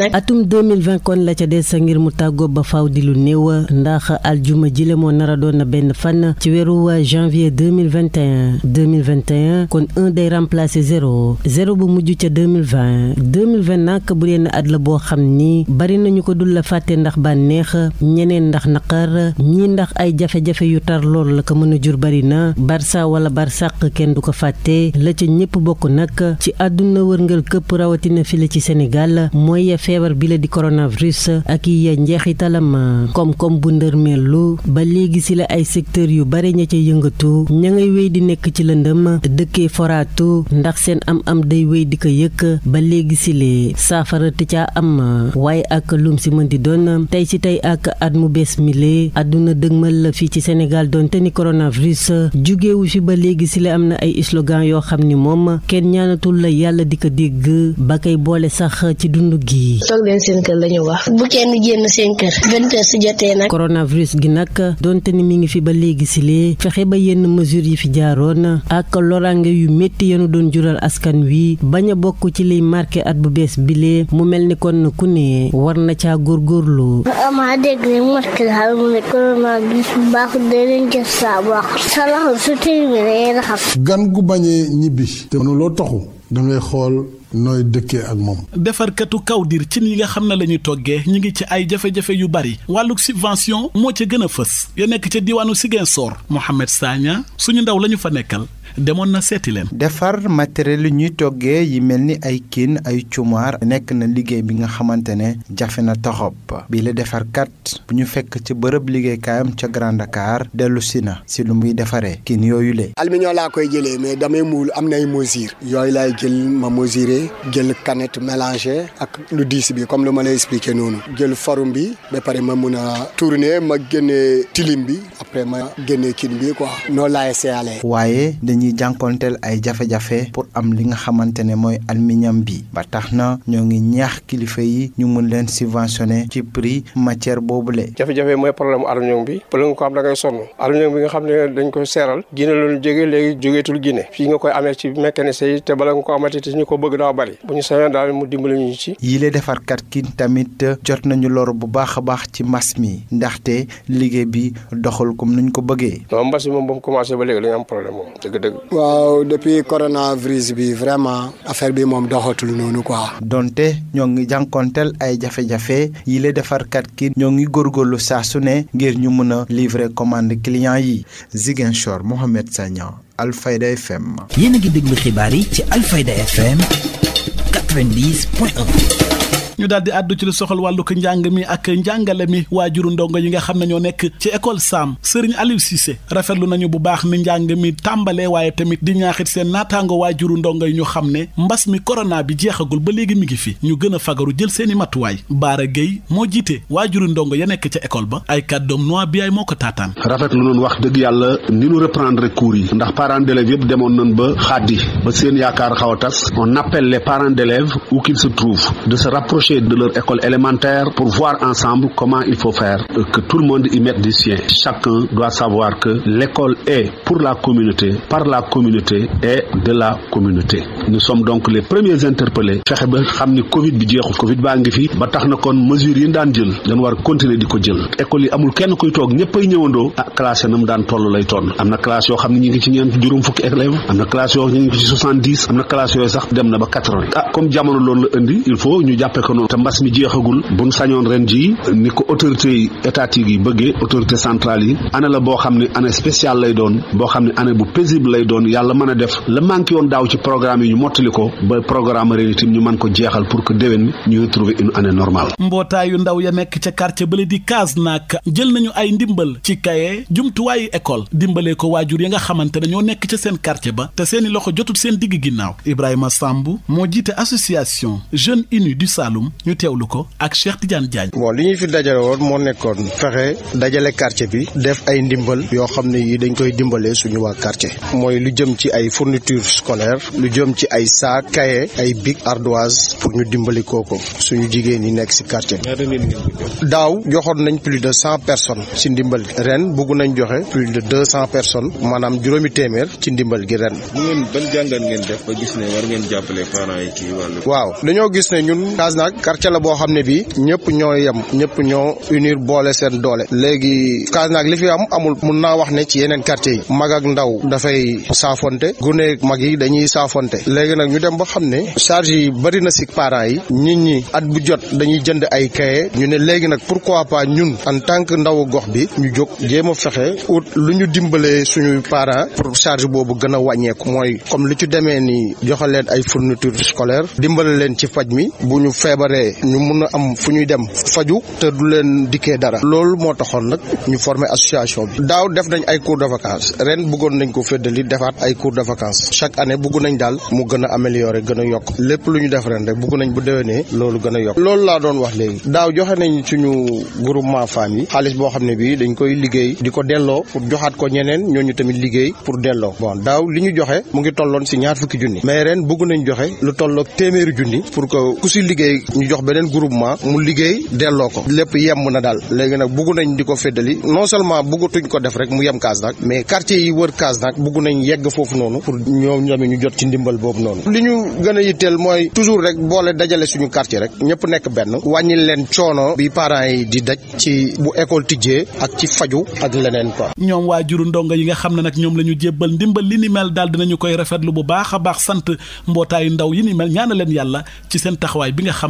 nag. atum deux mille vingt kon la ca des ngir mu tàggoo ba faw di lu néew ndax aljuma jile moo nar a doon na benn fan ci weeru janvier deux mille vingt et un mille vingt et kon un day remplacer zéro zéro bu mujj ca deux mille vingt deux mille vingt nag bu dee at la boo xam ni bari nañu ko dul la fàtte ndax bànneex ñeneen ndax naqar ñii ndax ay jafe-jafe yu tar lool la ko mën jur bari na barça wala barsaq kenn du ko fàtte. ci ñëpp bokk nag ci àdduna wërngal këpp rawatina fi la ci Sénégal mooy feebar bi la di coronavirus ak yi njeexitalam koom-koom bu ndërmeelu ba léegi si la ay secteur yu bare ña ca yëngatu ña ngay wéy di nekk ci lëndëm dëkkee foraatu ndax seen am-am day wéy di ko yëkk ba léegi si lee saafara te caa am waaye ak lum si mën di doon tey si tey ak at mu bees mi lee àdduna dëgmal fii ci Sénégal doonte ni coronavirus jógewu fi ba léegi si la am na ay slogan yoo xam ni moom la yàlla di ko dégg ba koy dund gi. toog leen la ñu wax. bu kenn génn seen kër. vingt heures su jotee nag. coronavirus ni mu ngi fi ba léegi si lee fexe ba yenn mesures yi fi jaaroon ak loraange yu métti yanu doon jural askan wi bañ a bokk ci liy marqué at bu bees bile mu mel ni kon ku ne war na caa góorgóorlu. ma dégg ne marqué mu ne saa bu baax sa loxo su tilimee gan gu bañee ñibbi te mënuloo toxu da ngay xool nooy dëkkee ak moom. defarkatu kawdir cin yi nga xam ne la ñuy toggee ñu ngi ci ay jafe-jafe yu bari wàllu subvention moo ca gën a fës ya nekk ca diwaanu Ziguinchor Mouhamed Sagna suñu ndaw la ñu fa nekkal demoon na seeti leen. defar matériel yi ñuy toggee yi mel ni ay kiin ay cumaar nekk na liggéey bi nga xamante ne jafe na toxob bi la defarkat bu ñu fekk ci bërëb liggéeykaayam ca Grand car dellu si na si lu muy defaree kiin yooyu le aluminium laa koy jëlee mais damay muul am nay mesure yooyu laay jël ma mesurer jël canette mélangé ak lu diis bi comme lu ma lay expliqué noonu jël forum bi ba pare ma mun a tourner ma génnee tilim bi après ma génnee kiin bi quoi noonu laay seeyaalee ngi jànkonteel ay jafe-jafe pour am li nga xamante ne mooy aluminium bi ba tax na ñoo ngi ñaax kilifa yi ñu mun leen subventionné ci prix matière boobule. jafe-jafe mooy problème aluminium bi pour nga ko am da ngay sonn aluminium bi nga xam ne dañ koy seeral Guinée loolu jógee léegi jógeetul Guinée fii nga koy amee ci mécanicien yi te bala nga ko amati te ñu ko bëgg daa bari bu ñu sañoon daal mu dimbali ñu ci. yile defarkat ki tamit jot nañu lor bu baax a baax ci mas mi ndaxte liggéey bi doxul comme dëgg. waaw depuis coronavirus bi vraiment affaire bi moom doxatul noonu quoi. donte ñoo ngi jànkonteel ay jafejafe yi la defarkat ki ñoo ngi góor góorgóorlu saa su ne ngir ñu mën a livrer commande client yi. Ziguinchor Mohamed Sagnan Alfayda FM. yéen a ngi déglu xibaar yi ci Alfayda FM ñu daal di àddu ci lu soxal wàllu ko njàng mi ak njàngale mi waajuru ndongo yi nga xam ne ñoo nekk ci école Sam Serigne Aliou Cissé rafetlu nañu bu baax ni njàng mi tàmbalee waaye tamit di ñaaxit seen naataango waajuru ndongo yi ñu xam ne mbas mi corona bi jeexagul ba léegi mi ngi fi ñu gën a fagaru jël seeni matuwaay Baara Gueye moo jiite waajuru ndongo ya nekk ca école ba ay kàddoom noa bi ay moo ko taataan rafet lu nañu wax dëgg yàlla ni ñu reprendre cours yi ndax parents yëpp demoon nañ ba xaddi ba seen yaakaar xaw a tas on appelle les parents d'élèves où rapprocher de leur école élémentaire pour voir ensemble comment il faut faire euh, que tout le monde y mette du sien. Chacun doit savoir que l'école est pour la communauté, par la communauté et de la communauté. Nous sommes donc les premiers interpellés fexe ba xam ni Covid bi jeexul Covid baa ngi fi ba tax na kon mesures yi ñu daan jël dañu war continuer di ko jël école yi amul kenn kuy toog ñëppay ñëwandoo ah classe yi na mu daan toll lay toll am na classe yoo xam ne noonu te mbas mi jeexagul buñ sañoon ren ji ni ko autorité étatique yi bëggee autorité centrale yi année la boo xam ne année spéciale lay doon boo xam ne année bu paisible lay doon yàlla mën a def la manqué woon daaw ci programme yi ñu mottali ko ba programme ren itam ñu mën ko jeexal pour que déwén ñu retrouver une année normale mbootaayu ndaw ya nekk ca quartier bële di Kasnack jël nañu ay ndimbal ci kaye jumtuwaayu école dimbalee ko waajur ya nga xamante ne ñoo nekk ca seen quartier ba te seeni loxo jotul seen digg ginnaaw Ibrahima Samb moo jiite association Jeunes Unis du am ñu teewlu ko ak Cheikh Tidiane Diagne. bon li ñu fi dajale woon moo nekkoon fexe dajale quartier bi def ay ndimbal yoo xam ne yi dañ koy dimbalee suñu waa quartier mooy lu jëm ci ay fourniture scolaire lu jëm ci ay saak kaye ay bic ardoise pour ñu dimbali kooku suñu jigéen yi nekk si quartier daaw joxoon nañ plus de cent personnes si ndimbal gi ren bugg nañ joxe plus de deux cent personnes maanaam juróomi téeméer ci ndimbal gi ren. bu ngeen ban jàngat ngeen def ba gis ne war ngeen jàppale parents yi ci waaw dañoo gis ne ñun nag la boo xam ne bi ñëpp ñoo yem ñëpp ñoo unir boole seen doole léegi kaas nag li fi am amul mun naa wax ne ci yeneen quartier yi mag ak ndaw dafay saafonte gune mag yi dañuy saafonte léegi nag ñu dem ba xam ne charge yi bëri na si parents yi nit ñi at bu jot dañuy jënd ay kaye ñu ne léegi nag pour pourquoi pas ñun en tant que ndawu gox bi ñu jóg jéem a fexe ut lu ñu dimbalee suñuy parent pour charge boobu gën a wàññeeku mooy comme lu ci demee ni joxe leen ay fourniture scolaire feebaree ñu mun a am fu ñuy dem faju te du leen dikkee dara loolu moo taxoon nag ñu forme association bi daaw def nañ ay cours de vacances ren bëggoon nañ ko féddali defaat ay cours de vacances chaque année bëgg nañ daal mu gën a améliorer gën a yokk lépp lu ñu def ren rek bëgg nañ bu déwénee loolu gën a yokk loolu laa doon wax léegi daaw joxe nañ suñu groupement femmes yi xaalis boo xam ne bii dañ koy liggéey di ko delloo pour joxaat ko ñeneen ñooñu tamit liggéey pour delloo bon daaw li ñu joxe mu ngi tolloon si ñaar fukki junni mais ren bëgg nañ joxe lu tolloog téeméeri junni pour ñu jox beneen groupement mu liggéey delloo ko lépp yem na daal léegi nag bugg nañ di ko féddali non seulement buggatuñ ko def rek mu yem kaas nag mais quartier yi wër Kaasnak bugg nañ yegg foofu noonu pour ñoom ñoom ñu jot ci ndimbal boobu noonu li ñu gën a yitteel mooy toujours rek boole dajale suñu quartier rek ñëpp nekk benn wàññil leen coono bi parents yi di daj ci bu école tijjee ak ci faju ak leneen quoi. ñoom waa juru ndongo yi nga xam ne nag ñoom la ñu jébbal ndimbal li ni mel daal dinañu koy rafetlu bu baax a baax sant mbootaayu ndaw yi ni mel ñaana leen yàlla ci seen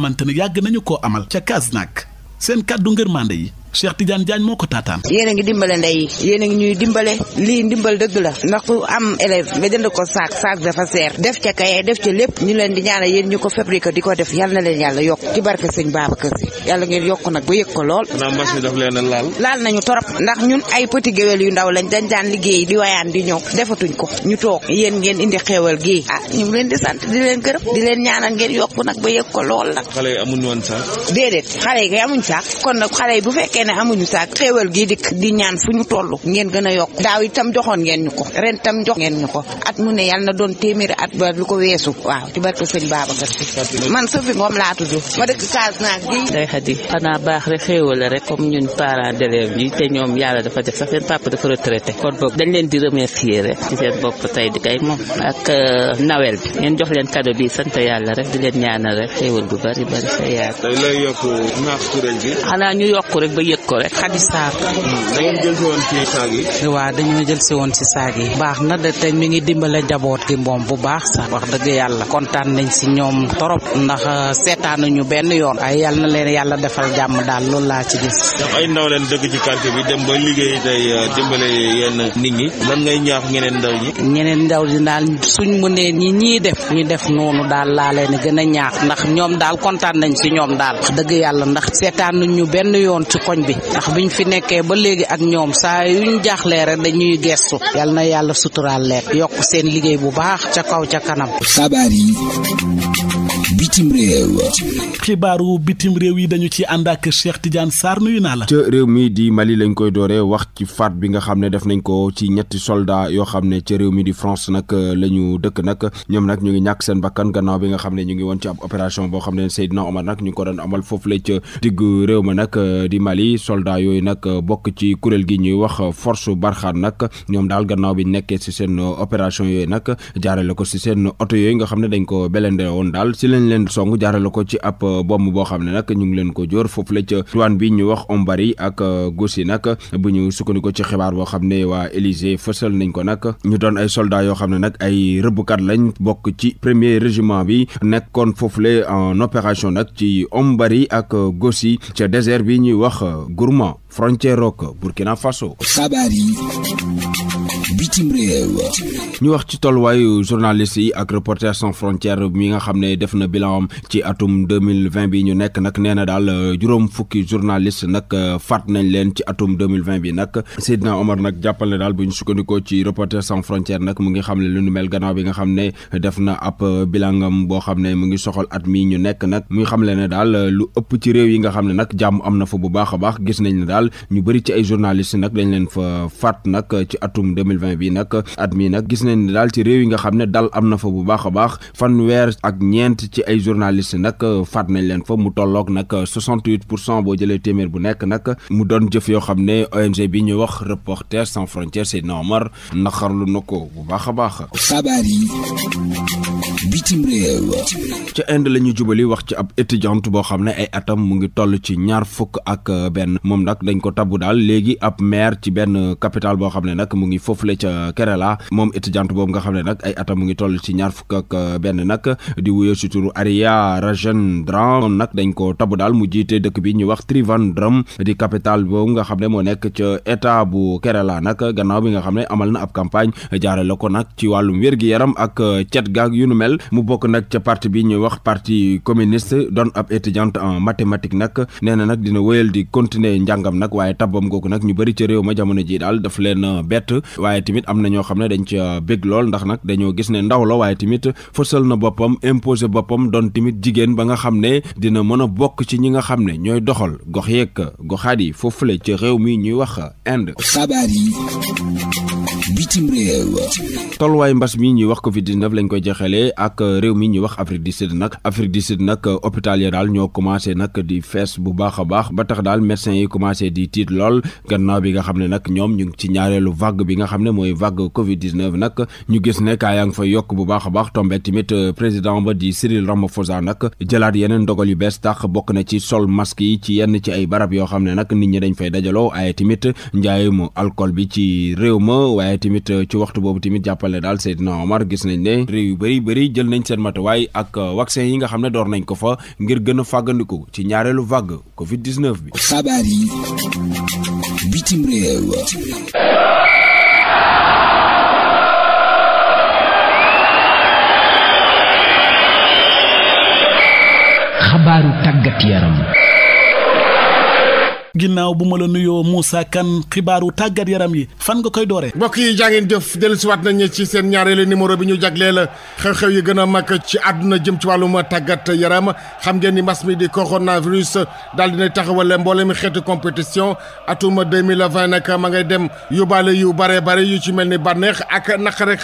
xamante ne yàgg nañu koo amal ca Kasnack seen kàddu ngërmande yi Cheikh Tidiane Diagne moo ko taataan. yéen a ngi dimbale ndey yi yéen a ngi ñuy dimbale lii ndimbal dëgg la ndax ku am élève nga jënd ko saak saak dafa seer def ca kaye def ca lépp ñu leen di ñaanal yéen ñu ko fabriqué di ko def yal na leen yàlla yokk ci barke sëñ Babacar Si yàlla ngeen yokk nag ba yëg ko lool. xanaa mbas mi daf leen ay petit géwél yu ndaw lañ dañ daan liggéey di wayaan di ñëw defatuñ ko ñu toog yéen ngeen indi xéewal gi ah ñu ngi leen di sant di leen gërëm di leen ñaanal ngeen yokk nag ba yëg ko lool nag. xale yi amuñ fekkee ne amuñu saak xéewal gi dikk di ñaan fu ñu toll ngeen gën a yokk daaw itam joxoon ngeen ñu ko ren tam jox ngeen ñu ko at mu ne yàlla na doon téeméeri at ba lu ko weesu waaw ci barke sëñ Babacar man Sophie Ngom laa tudd ma dëkk Casamance gi day xadi xanaa baax rek xéewal rek comme ñun parents d'élèves yi ñoom yàlla dafa def sax seen papa dafa retraité kon boog dañ leen di remercier rek ci seen bopp tey di kay moom ak euh, bi ngeen jox leen cadeau bi sant yàlla rek di leen ñaanal rek xéewal bu bari bari sa yaar yëg ko rek Khady Sarr hmm, da ngeen jël woon dañoo jël si woon ci saag yi baax na de te mi ngi dimbale njaboot gi moom bu baax sax wax dëgg yàlla kontaan nañ si ñoom torop ndax euh, seetaanuñu benn yoon ay yàlla na leen yàlla defal jàmm daal loolu laa ci gis dëgg ci liggéey tey euh, dimbale yenn ngay ñaax ñeneen ndaw ñeneen ndaw ñi daal suñ mënee ñi ñii def ñu def noonu daal laa ñoom daal wax dëgg yàlla ndax seetaanuñu benn yoon ci koñ askan bi ñu fi nekkee ba léegi ak ñoom saa yuñ jaaxlee rek dañuy geestu yal na yàlla suturaal yokk seen liggéey bu baax ca kaw ca kanam. xabaar yi. bitim réew xibaaru bitim réew yi dañu ci ànd ak Cheikh Tidiane Sarr nuyu naa la ca réew mi di Mali lañ koy dooree wax ci faat bi nga xam ne def nañ ko ci ñetti soldat yoo xam ne ca réew mi di France nag euh, la ñu dëkk nag ñoom nag ñu ngi ñàkk seen bakkan gannaaw bi nga xam ne ñu ngi woon ci ab opération boo xam ne Seydina Omar nag ñu ngi ko doon amal foofu la ca diggu réew ma nag euh, di Mali soldat yooyu nag euh, bokk ci kuréel gi ñuy wax force Barkhane nag ñoom daal gannaaw bi nekkee si seen opération yooyu nag jaarale ko si seen oto yooyu nga xam ne dañ ko belende dañ leen song jaarale ko ci ab euh, bomb boo xam ne nag ñu ngi leen ko jóor foofu la ca douane bi ñu wax Ombari ak yi euh, nag bu ñu sukkandiku ci xibaar boo xam ne waa Élysée fësal nañ ko nag ñu doon ay soldaa yoo xam ne nag ay rëbbkat lañ bokk ci premier régiment bi nekkoon foofule en opération nag ci Ombari ak euh, gos yi ca désert bi ñuy wax Gourma frontière rock Burkina Faso. xabaar yi. ñu wax ci tolluwaayu journaliste yi ak Reporters sans frontières mi nga xam ne def na bilan ci atum 2020 bi ñu nekk nag nee na daal euh, juróom fukki journaliste nag euh, faat nañ leen ci atum 2020 bi nag Seydina Omar nag jàppal daal bu sukkandikoo ci Reporters sans frontières nag mu ngi xam ne lu nu bi nga xam ne def na ab euh, bilangam boo xam ne mu ngi soxal at mi ñu nekk nag mu ngi xam le ne daal lu ëpp ci réew yi nga xam ne nag jàmm am na fa bu baax a baax gis nañ ne daal ñu bëri ci ay journaliste nag dañu leen fa faat nag ci atum 2020 bi yi nag at mi nag gis nañ ni daal ci réew yi nga xam ne dal am na fa bu baax a baax fanweer ak ñeent ci ay journaliste nag faat nañ leen fa mu tolloog nag 68 pour cent boo jëlee téeméer bu nekk nag mu doon jëf yoo xam ne ONG bi ñu wax Reporters sans frontières Seydina Omar naxarlu na ko bu baax a baax. ca Inde la ñu jubali wax ci ab étudiante boo xam ne ay atam mu ngi toll ci ñaar fukk ak euh, benn moom nag dañ ko tabbu daal léegi ab maire ci benn capitale boo xam ne nag mu ngi foofule ca Kerala moom étudiante boobu nga xam ne nag ay atam mu ngi toll ci ñaar fukk euh, benn nag di wuyoo si turu Ariya Rajendran nag dañ ko tabbu daal mu jiite dëkk bi ñu wax Trivandrum di capitale boobu nga xam ne moo nekk ca état bu Kerala nag gannaaw bi nga xam ne amal na ab campagne jaarale ko nag ci wàllum wér-gi-yaram ak euh, cet gaag yu nu mel mu bokk nag ca parti bi ñuy wax parti communiste doon ab étudiante en mathématique nag nee na nag dina wéyal di continuer njàngam nag waaye tabam googu nag ñu bëri ca réew ma jamono ji daal dafa leen bett waaye tamit am na ñoo xam ne dañ ca bég lool ndax nag dañoo gis ne ndaw la waaye tamit fësal na boppam imposé boppam doon tamit jigéen ba nga xam ne dina mën a bokk ci ñi nga xam ne ñooy doxal gox yeeg goxaat yi foofu la ca réew mi ñuy wax Inde. xabaar bitim réew tolluwaay mbas mi ñuy wax covid 19 lañ koy jeexalee ak réew mi ñuy wax Afrique du Sud nag Afrique di Sud nag euh, hôpital yi daal ñoo commencé nag di fees bu baax a baax ba tax daal médecins yi commencé di tiit lool gannaaw bi nga xam ne nag ñoom ñu ngi ci ñaareelu vague bi nga xam ne mooy vague covid 19 nag ñu gis ne kaa yaa ngi fa yokk bu baax a baax tombeek tamit euh, président ba di Cyril Ramaphosa nag jëlaat yeneen ndogal yu bees tax bokk na ci sol masque yi ci yenn ci ay barab yoo xam ne nag nit ñi dañ fay dajaloo ay tamit njaayum alcool bi ci réew Euh, ci waxtu boobu tamit jàppale daal Seydina Omar gis nañ ne réew yu bari bëri jël nañ seen waaye ak euh, vaccin yi nga xam ne door nañ ko fa ngir gën a fàggandiku ci ñaareelu vague Covid 19 bi. xabaar yi bitim réew. ginnaaw bu ma la nuyoo Moussa kan xibaaru tàggat yaram yi fan nga koy dooree. mbokk yi jaa ngeen jëf dellusiwaat nañ ci seen ñaareelu numéro bi ñu jagleel xew-xew yi gën a mag ci àdduna jëm ci wàllum tàggat yaram xam ngeen ni mas mi di coronavirus daal dina taxawale mboolem xeetu compétition atum 2020 nag ma ngay dem yóbbaale yu bare bare yu ci mel ni bànneex ak naq rek.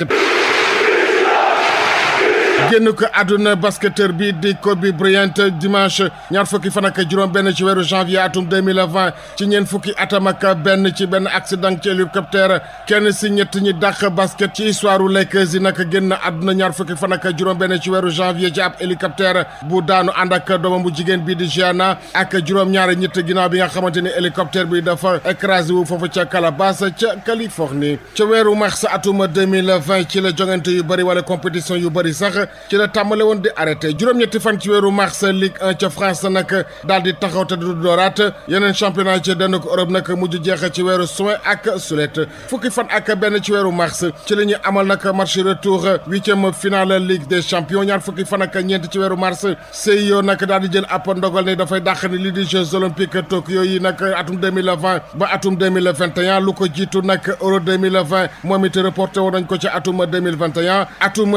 génn ko àdduna basketteur bi di Kobe Bryant dimanche ñaar fukki fan ak juróom benn ci weeru janvier atum 2020 ci ñeent fukki atam ak benn ci benn accident ci hélicoptère kenn si ñett ñi dàq basket ci histoire u Lakers yi nag génn adduna ñaar fukki fan ak juróom benn ci weeru janvier ci ab hélicoptère bu daanu ànd ak doomam bu jigéen bii di Gianna ak juróom-ñaari ñett ginnaaw bi nga xamante ni hélicoptère bi dafa écrasé wu foofu ca Calabasas ca Californie ca weeru mars atum 2020 ci la jongante yu bëri wala compétition yu bëri sax ci la tàmbale woon di arrêté juróom-ñetti fan ci weeru mars Ligue 1 ca France nag daal di taxaw te du dooraat yeneen championnat ci dana ko Europe nag mujj jeex ci weeru juin ak sulet fukki fan ak benn ci weeru mars ci la ñuy amal nag match retour huitième finale Ligue des champions ñaar fukki fan ak ñeent ci weeru mars CIO nag daal di jël ab ndogal ne dafay dàq ni lii di Jeux olympiques Tokyo yi nag atum deux ba atum lu ko jiitu nag Euro deux mille vingt moom it reporté woon ko ci atum deux mille vingt et un atum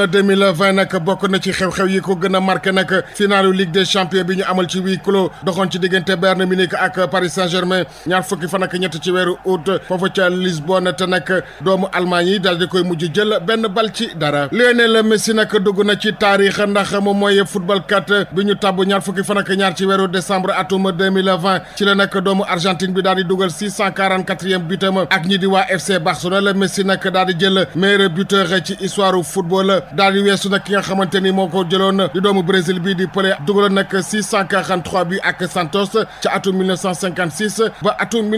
bokk na ci xew-xew yi ko gën a marqué nag finalu Ligue des champions bi ñu amal ci huis clos doxoon ci diggante Bayern Munich ak Paris Saint-Germain ñaar fukki fan ak ñett ci weeru août foofu ca Lisbonne te nag doomu Allemagne yi daal koy mujj jël benn bal ci dara Lionel Messi nag dugg na ci taarix ndax moom mooy football kat bi ñu tàbb ñaar fukki fa ak ñaar ci weeru décembre atum 2020 ci la nag doomu Argentine bi daal di dugal 644e butam ak ñi di waa FC Barcelone di jël meilleur buteur ci histoire football xamante ni moo ko jëloon di doomu Brésil bi di Pelé dugaloon nag bi ak Santos ca atum ba atum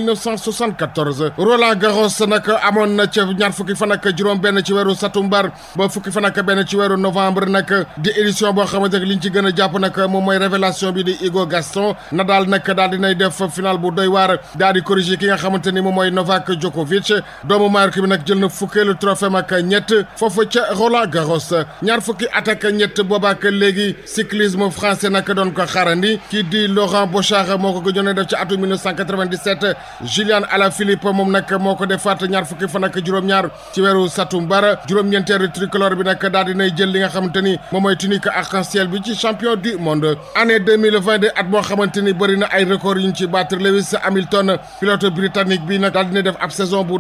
Roland Garros nag amoon na ca ñaar fukki fan juróom benn ci weeru satumbar ba fukki fan benn ci weeru novembre nag di édition boo xamante ne ci gën a jàpp nag moom révélation bi di Hugo Gaston Nadal nag daal dinay def final bu doy waar daal di corrigé ki nga xamante ni moom Novak Djokovic doomu Marc bi nag jël na fukkeelu trophée ak ñett foofu ca Roland ak ñett boobaak léegi cyclisme français nag doon ko xaarandi kii di Laurent Bochard moo ko gëjoon def ci atum 1997 Julian Alaphilippe moom nag moo ko defaat ñaar fukki fan ak juróom-ñaar ci weeru satumbar juróom-ñeenteelu tricolore bi nag daal dinay jël li nga xamante moom mooy tunique arc en bi ci champion du monde année at moo xamante ni ay record yu ci battre Lewis Hamilton pilote britannique bi nag daal dina def ab saison bu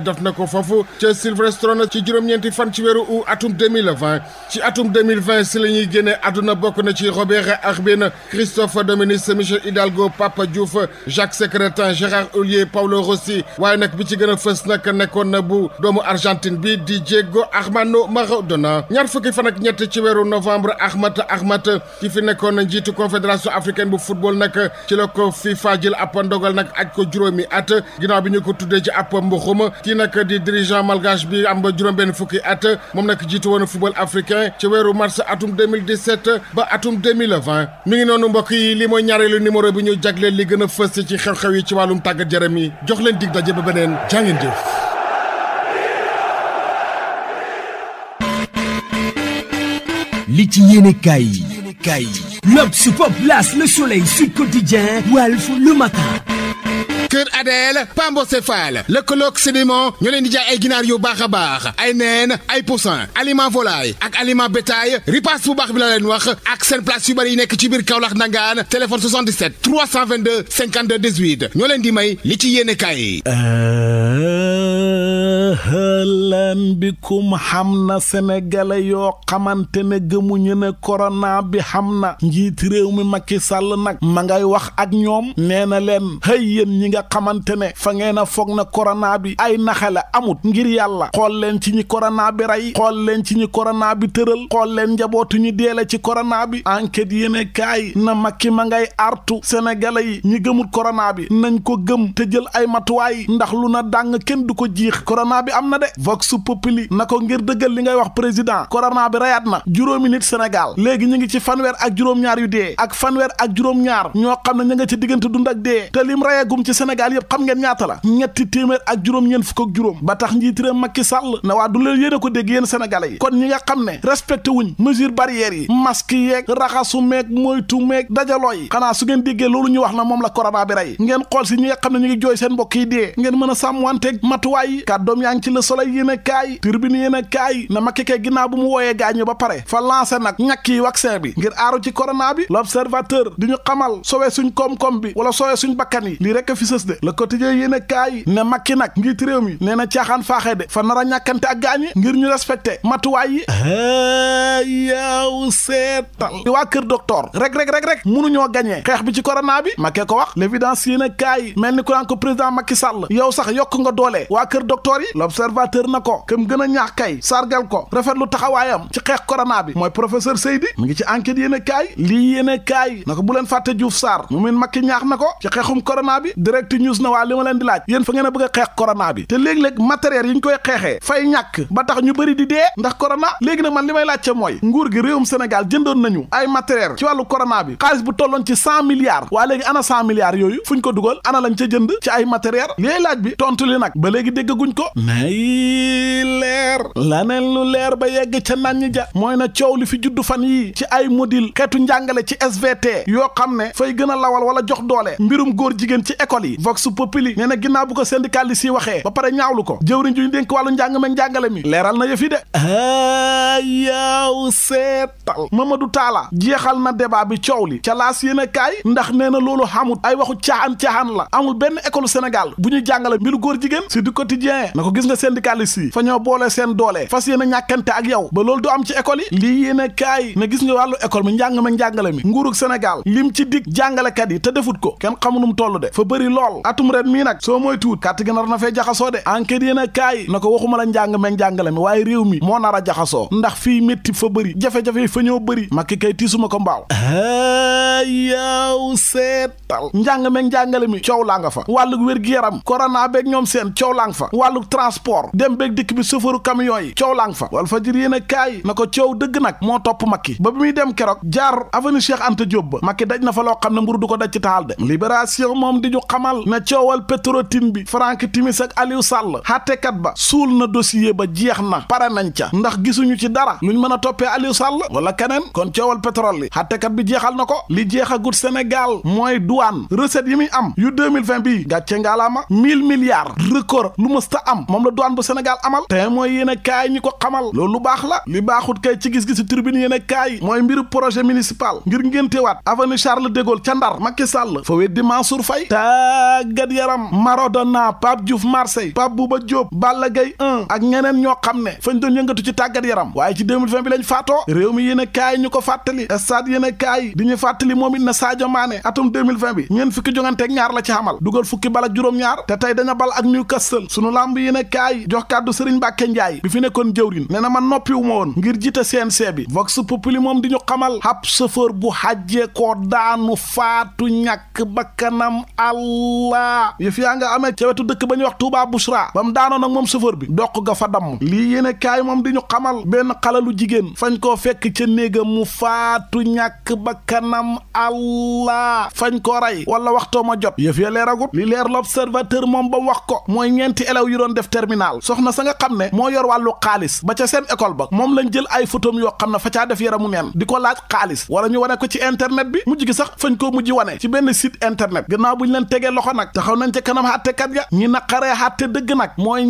def na ko foofu ca Silverstone ci juróom-ñeenti fan ci weeru août atum 2020 ci atum 2020 si la ñuy génne àdduna bokk na ci Robert Arbin Christophe Dominic Michel Hidalgo Papa Diouf Jacques Secrétin Gérard Houllier Paulo Rossi waaye nag bi ci gën a fës nag nekkoon na bu doomu Argentine bi di no Diego Armando na ñaar fukki fan ak ñett ci weeru novembre Ahmad Ahmad ki fi nekkoon njiitu confédération africaine bu football nag ci la ko faa jël ab ndogal nag aj juróomi at ginnaaw bi ñu ko tuddee ci ab mbuxum kii nag di dirigeant malgage bi am ba juróom-benn fukki at moom nag jiitu woon football africain ci weeru mars atum 2017 ba atum 2020 mi ngi noonu mbokk yi li mooy ñaareelu numéro bi ñu jagle li gën a fës ci xew-xew yi ci wàllum tàggat yaram yi jox leen dig daje ba beneen jàngeen jëf li ci yéene yi kaay yi L'Obs, Pop, L'As, Le Soleil, Sud Quotidien, Walf, Le Matin Kër Adel Pambocéphale lëkkaloog sédiment ñoo leen di jaay ay ginaar yu baax a baax ay neen ay poussin aliment volaille ak aliment bétail ripaas bu baax bi la leen wax ak seen place yu bëri yi nekk ci biir Kaolack nangaan téléphone 77 322 52 18 ñoo leen di may li ci yéene kaay. ahlan bikum xam na sénégalais yoo xamante ne gëmuñu ne corona bi xam na njiit réew mi Macky Sall nag ma ngay wax ak ñoom nee leen hëy yéen ñi nga nga xamante ne fa ngeen a foog na corona bi ay naxale amut ngir yàlla xool leen ci ñi corona bi rey xool leen ci ñi corona bi tëral xool leen njabootu ñu deele ci corona bi enquête yéene kaay na makki ma ngay artu sénégalais yi ñi gëmul corona bi nañ ko gëm te jël ay matuwaay ndax lu na dàng kenn du ko jiix corona bi am na de vox populi na ko ngir dëggal li ngay wax président corona bi reyaat na juróomi nit Sénégal léegi ñu ngi ci fanweer ak juróom-ñaar yu dee ak fanweer ak juróom-ñaar ñoo xam ne ñu ci diggante Sénégal yëpp xam ngeen ñaata la ñetti téeméer ak juróom ñeen fukk ak juróom ba tax njiit réew Macky Sall na a ko dégg yéen Sénégalais yi la korona bi rey ngeen xool si a a a na Macky kee ginnaaw bu mu ba pare fa lancé nag bi ngir aaru ci korona bi l'observateur di ñu xamal sowe suñ koom-koom bi wala sowe suñ bakkan yi lii rek fi sa bés de le quotidien yéen a kaay ne Macky nag njiit réew mi nee na caaxaan faaxee de fa nar ñàkkante ak gaañi ngir ñu respecté matuwaay yi yaw seetal di waa kër docteur rek rek rek rek munuñoo gañee xeex bi ci corona bi Macky ko wax l' évidence yéen a kaay mel ni ku naan ko président Macky Sall yow sax yokk nga doole waa kër docteur yi l' observateur na ko këm gën a ñaax kay sargal ko lu taxawaayam ci xeex corona bi mooy professeur Seydi mu ngi ci enquête yéen a kaay lii yéen na ko bu leen direct news na waa li ma di laaj yéen fa ngeen a bëgg a xeex corona bi te léegi-léeg matériel yi ñu koy xeexee fay ñàkk ba tax ñu bari di dee ndax corona léegi nag man li may laajte mooy nguur gi réewum Sénégal jëndoon nañu ay matériel ci wàllu corona bi xaalis bu tolloon ci cent milliards waa léegi ana cent milliards yooyu fuñ ko dugal ana lañ ca jënd ci ay matériel léegi laaj bi tontu li nag ba léegi déggaguñ ko nay leer laneen lu leer ba yegg ca naan ñi ja mooy na coow li fi juddu fan yii ci ay module xeetu njàngale ci SVT yoo xam ne fay gën a lawal wala jox doole mbirum góor jigéen ci école yi vox populi nee na ginnaaw bu ko syndicaliste yi waxee ba pare ñaawlu ko jëwriñ ju ñu dénk wàllu njàng meeg njàngale mi leeral na yëf de yaaw seetal Mamadou Talla jeexal na debaa bi coow li ca laas yéen a kaay ndax nee na loolu xamut ay waxu caaxaan-caaxaan la amul benn école Sénégal bu ñu jàngale mbiru góor jigéen si du quotidien na ko gis nga syndicaliste yi fa ñoo boole seen doole fas yéen a ak yow ba loolu du am ci école yi lii yéen na gis nga wàllu école mi njàng meeg njàngale mi nguurug Sénégal lim ci dig jàngalekat yi te defut ko kenn xamu mu toll de fa bëri lool atum ren mii nag soo moytuwut kàtt gi na fee jaxasoo de enquête yéen a kaay na ko waxuma jàng men meeg mi waaye réew mi moo nar a jaxasoo ndax fii métti fa bëri jafe-jafe fa ñoo bëri makki kay tiisuma ko mbaaw yaw seetal njàng meeg njàngale mi coow laa nga fa wàllug wér-gi-yaram korona beeg ñoom seen coow laa nga fa wàllug transport dem beeg dikk bi sëfaru camion yi coow laa fa wal fajir yéen a kaay na ko coow dëgg nag moo topp makki ba muy dem keroog jaar avenue Cheikh Anta Diop makki daj fa loo xam ne mburu du ko daj taal xamal na coowal Petro-Tim bi Frank Timis ak Aliou Sall xàttekat ba suul na dossier ba jeex na pare nañ ca ndax gisuñu ci dara luñ mën a toppee Aliou Sall wala keneen kon coowal pétrole li xàttekat bi jeexal na ko li jeexagut Sénégal mooy douane recette yi muy am yu 2020 bii gàcce ngaalaama mille milliards record lu mësta am moom la douane bu Sénégal amal te mooy yéen a kaay ñi ko xamal loolu lu baax la li baaxut kay ci gis-gisu tribune yéen a kaay mooy mbir projet municipal ngir ngéntewaat avenue Charles de Gaulle ca Ndar Macky Sall fa weddi Mansour Faye tàggat yaram Maradona Pape Diouf Marseille Pape Bouba Diop Balla Gaye 1 ak ñeneen ñoo xam ne fañ doon yëngatu ci tàggat yaram waaye ci 2020 bi faatoo réew mi yéen a kaay ñu ko fàttali stade yéen a kaay di ñu fàttali moom it na Sadio Mané atum 2020 bi ñeen fukki jongante ak ñaar la ci xamal dugal fukki bal ak juróom-ñaar te tey daña bal ak Newcastle sunu lamb yéen a kaay jox kàddu Serigne Mbacke Ndiaye bi fi nekkoon jëwrin ne na man noppiwu ma woon ngir jiite CNC bi Vox Populi moom di ñu xamal ab chauffeur bu xàjjee koo allah yëf yaa nga amee ca wetu dëkk ba ñuy wax Touba Bouchra ba mu daanoon ak moom chauffeur bi dokk ga fa damm lii yéene kaay moom di ñu xamal benn xalalu jigéen fañ koo fekk ca néegam mu faatu ñàkk ba kanam allah fañ ko rey wala waxtoo ma jot yëf ya leeragut li leer l'observateur moom ba wax ko mooy ñeenti élèves yi doon def terminal soxna sa nga xam ne moo yor wàllu xaalis ba ca seen école ba moom lañ jël ay photom yoo xam ne fa caa def yaramu neen di ko laaj xaalis wala ñu wane ko ci internet bi mujj gi sax fañ koo mujj wane ci benn site internet loxo nag taxaw nañ ca kanam xàttekat ya ñi naqaree xàtte dëgg nag mooy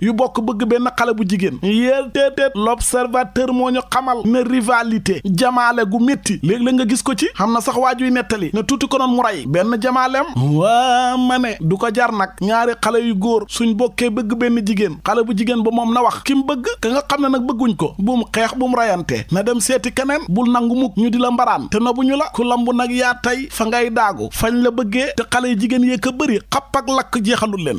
yu bokk bëgg benn xale bu jigéen yéel téetéet l'observateur moo ñu xamal ne rivalité jamaale gu métti léeg-léeg nga gis ko ci xam na sax waajuy nettali ne tuuti ko noon mu rey benn jamaaleem waa ma ne du ko jar nag ñaari xale yu góor suñ bokkee bëgg benn jigéen xale bu jigéen ba moom na wax ki mu bëgg ka nga xam ne nag bëgguñ ko bu mu xeex bu mu rayante na dem seeti keneen bul nangu mukk ñu di la mbaraan te na bu ñu la ku lambu nag yaa tey fa ngay daagu fañ la bëggee te xale yi jigéen yee ko bëri xapp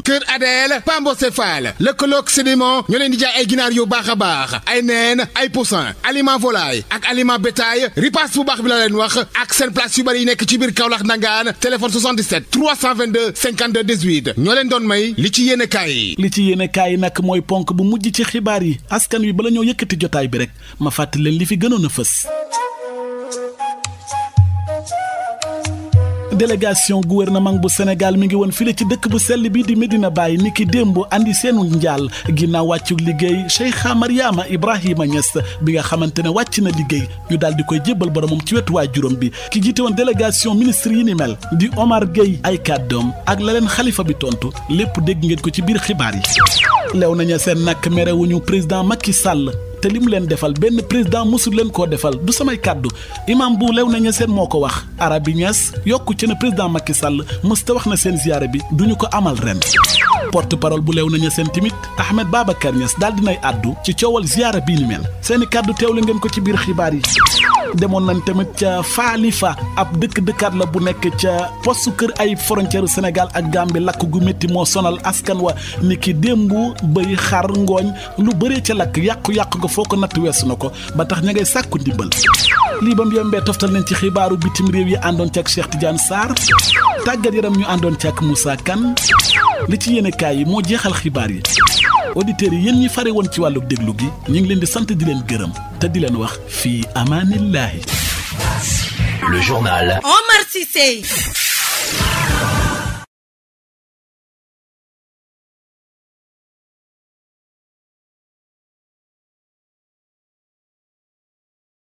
kër Adel Pambose Fall lëkkaloog sédiment ñoo leen di jaay ay ginaar yu baax a baax ay neen ay poussin aliment volaille ak aliment bétail ripaas bu baax bi la leen wax ak seen place yu bëri yi nekk ci biir Kaolack Ndangaan téléphone 77 322 52 18 ñoo leen doon may li ci yéene kaay yi li ci yéene kaay yi mooy ponk bu mujj ci xibaar yi askan wi bala ñoo yëkkati jotaay bi rek ma fàttali leen li fi gënoon fës délégation gouvernement bu Sénégal mi ngi woon file ci dëkk bu sell bi di Medina bàyyi ni ki démb andi seen njaal ginnaaw wàccug liggéey Cheikha Mariama Ibrahima Niass bi nga xamante ne wàcc na liggéey ñu daal di koy jébbal moom ci wetu juróom bi ki jiite woon délégation ministre yi ni mel di Omar Gueye ay kàddoom ak la xalifa bi tontu lépp dégg ngeen ko ci biir xibaar yi. leew nañu seen nag merewuñu président Macky Sall te li mu leen defal benn président mësul leen koo defal du samay kàddu imam bu lew nañu seen moo ko wax arabi ñas yokku ci ne président Macky Sall mës ta wax na seen ziyaare bi duñu ko amal ren porte parole bu lew nañu seen timit Ahmed Babacar Niass daal dinay àddu ci coowal ziyaara bii ni mel seeni kàddu teewle ngeen ko ci biir xibaar yi demoon nañ tamit ca Faalifa ab dëkk-dëkkaat la bu nekk ca postu kër ay frontière Sénégal ak bi lakk gu métti moo sonal askan wa ni ki démb bëy xar ngooñ lu bëree ca lakk yàqu-yàqu nga foo ko natt weesu na ko ba tax ña ngay sàkku ndimbal lii ba mu yombee toftal nañ ci xibaaru bitim réew yi àndoon ci ak Cheikh Tidiane Sarr tàggat yaram ñu àndoon ci ak Moussa Kane li ci yéene yi moo jeexal xibaar yi auditeurs yi yéen ñi fare woon ci wàllu déglu gi ñu ngi leen di sant di leen gërëm te di leen wax fii amaanillaahi le journal Omar Cissé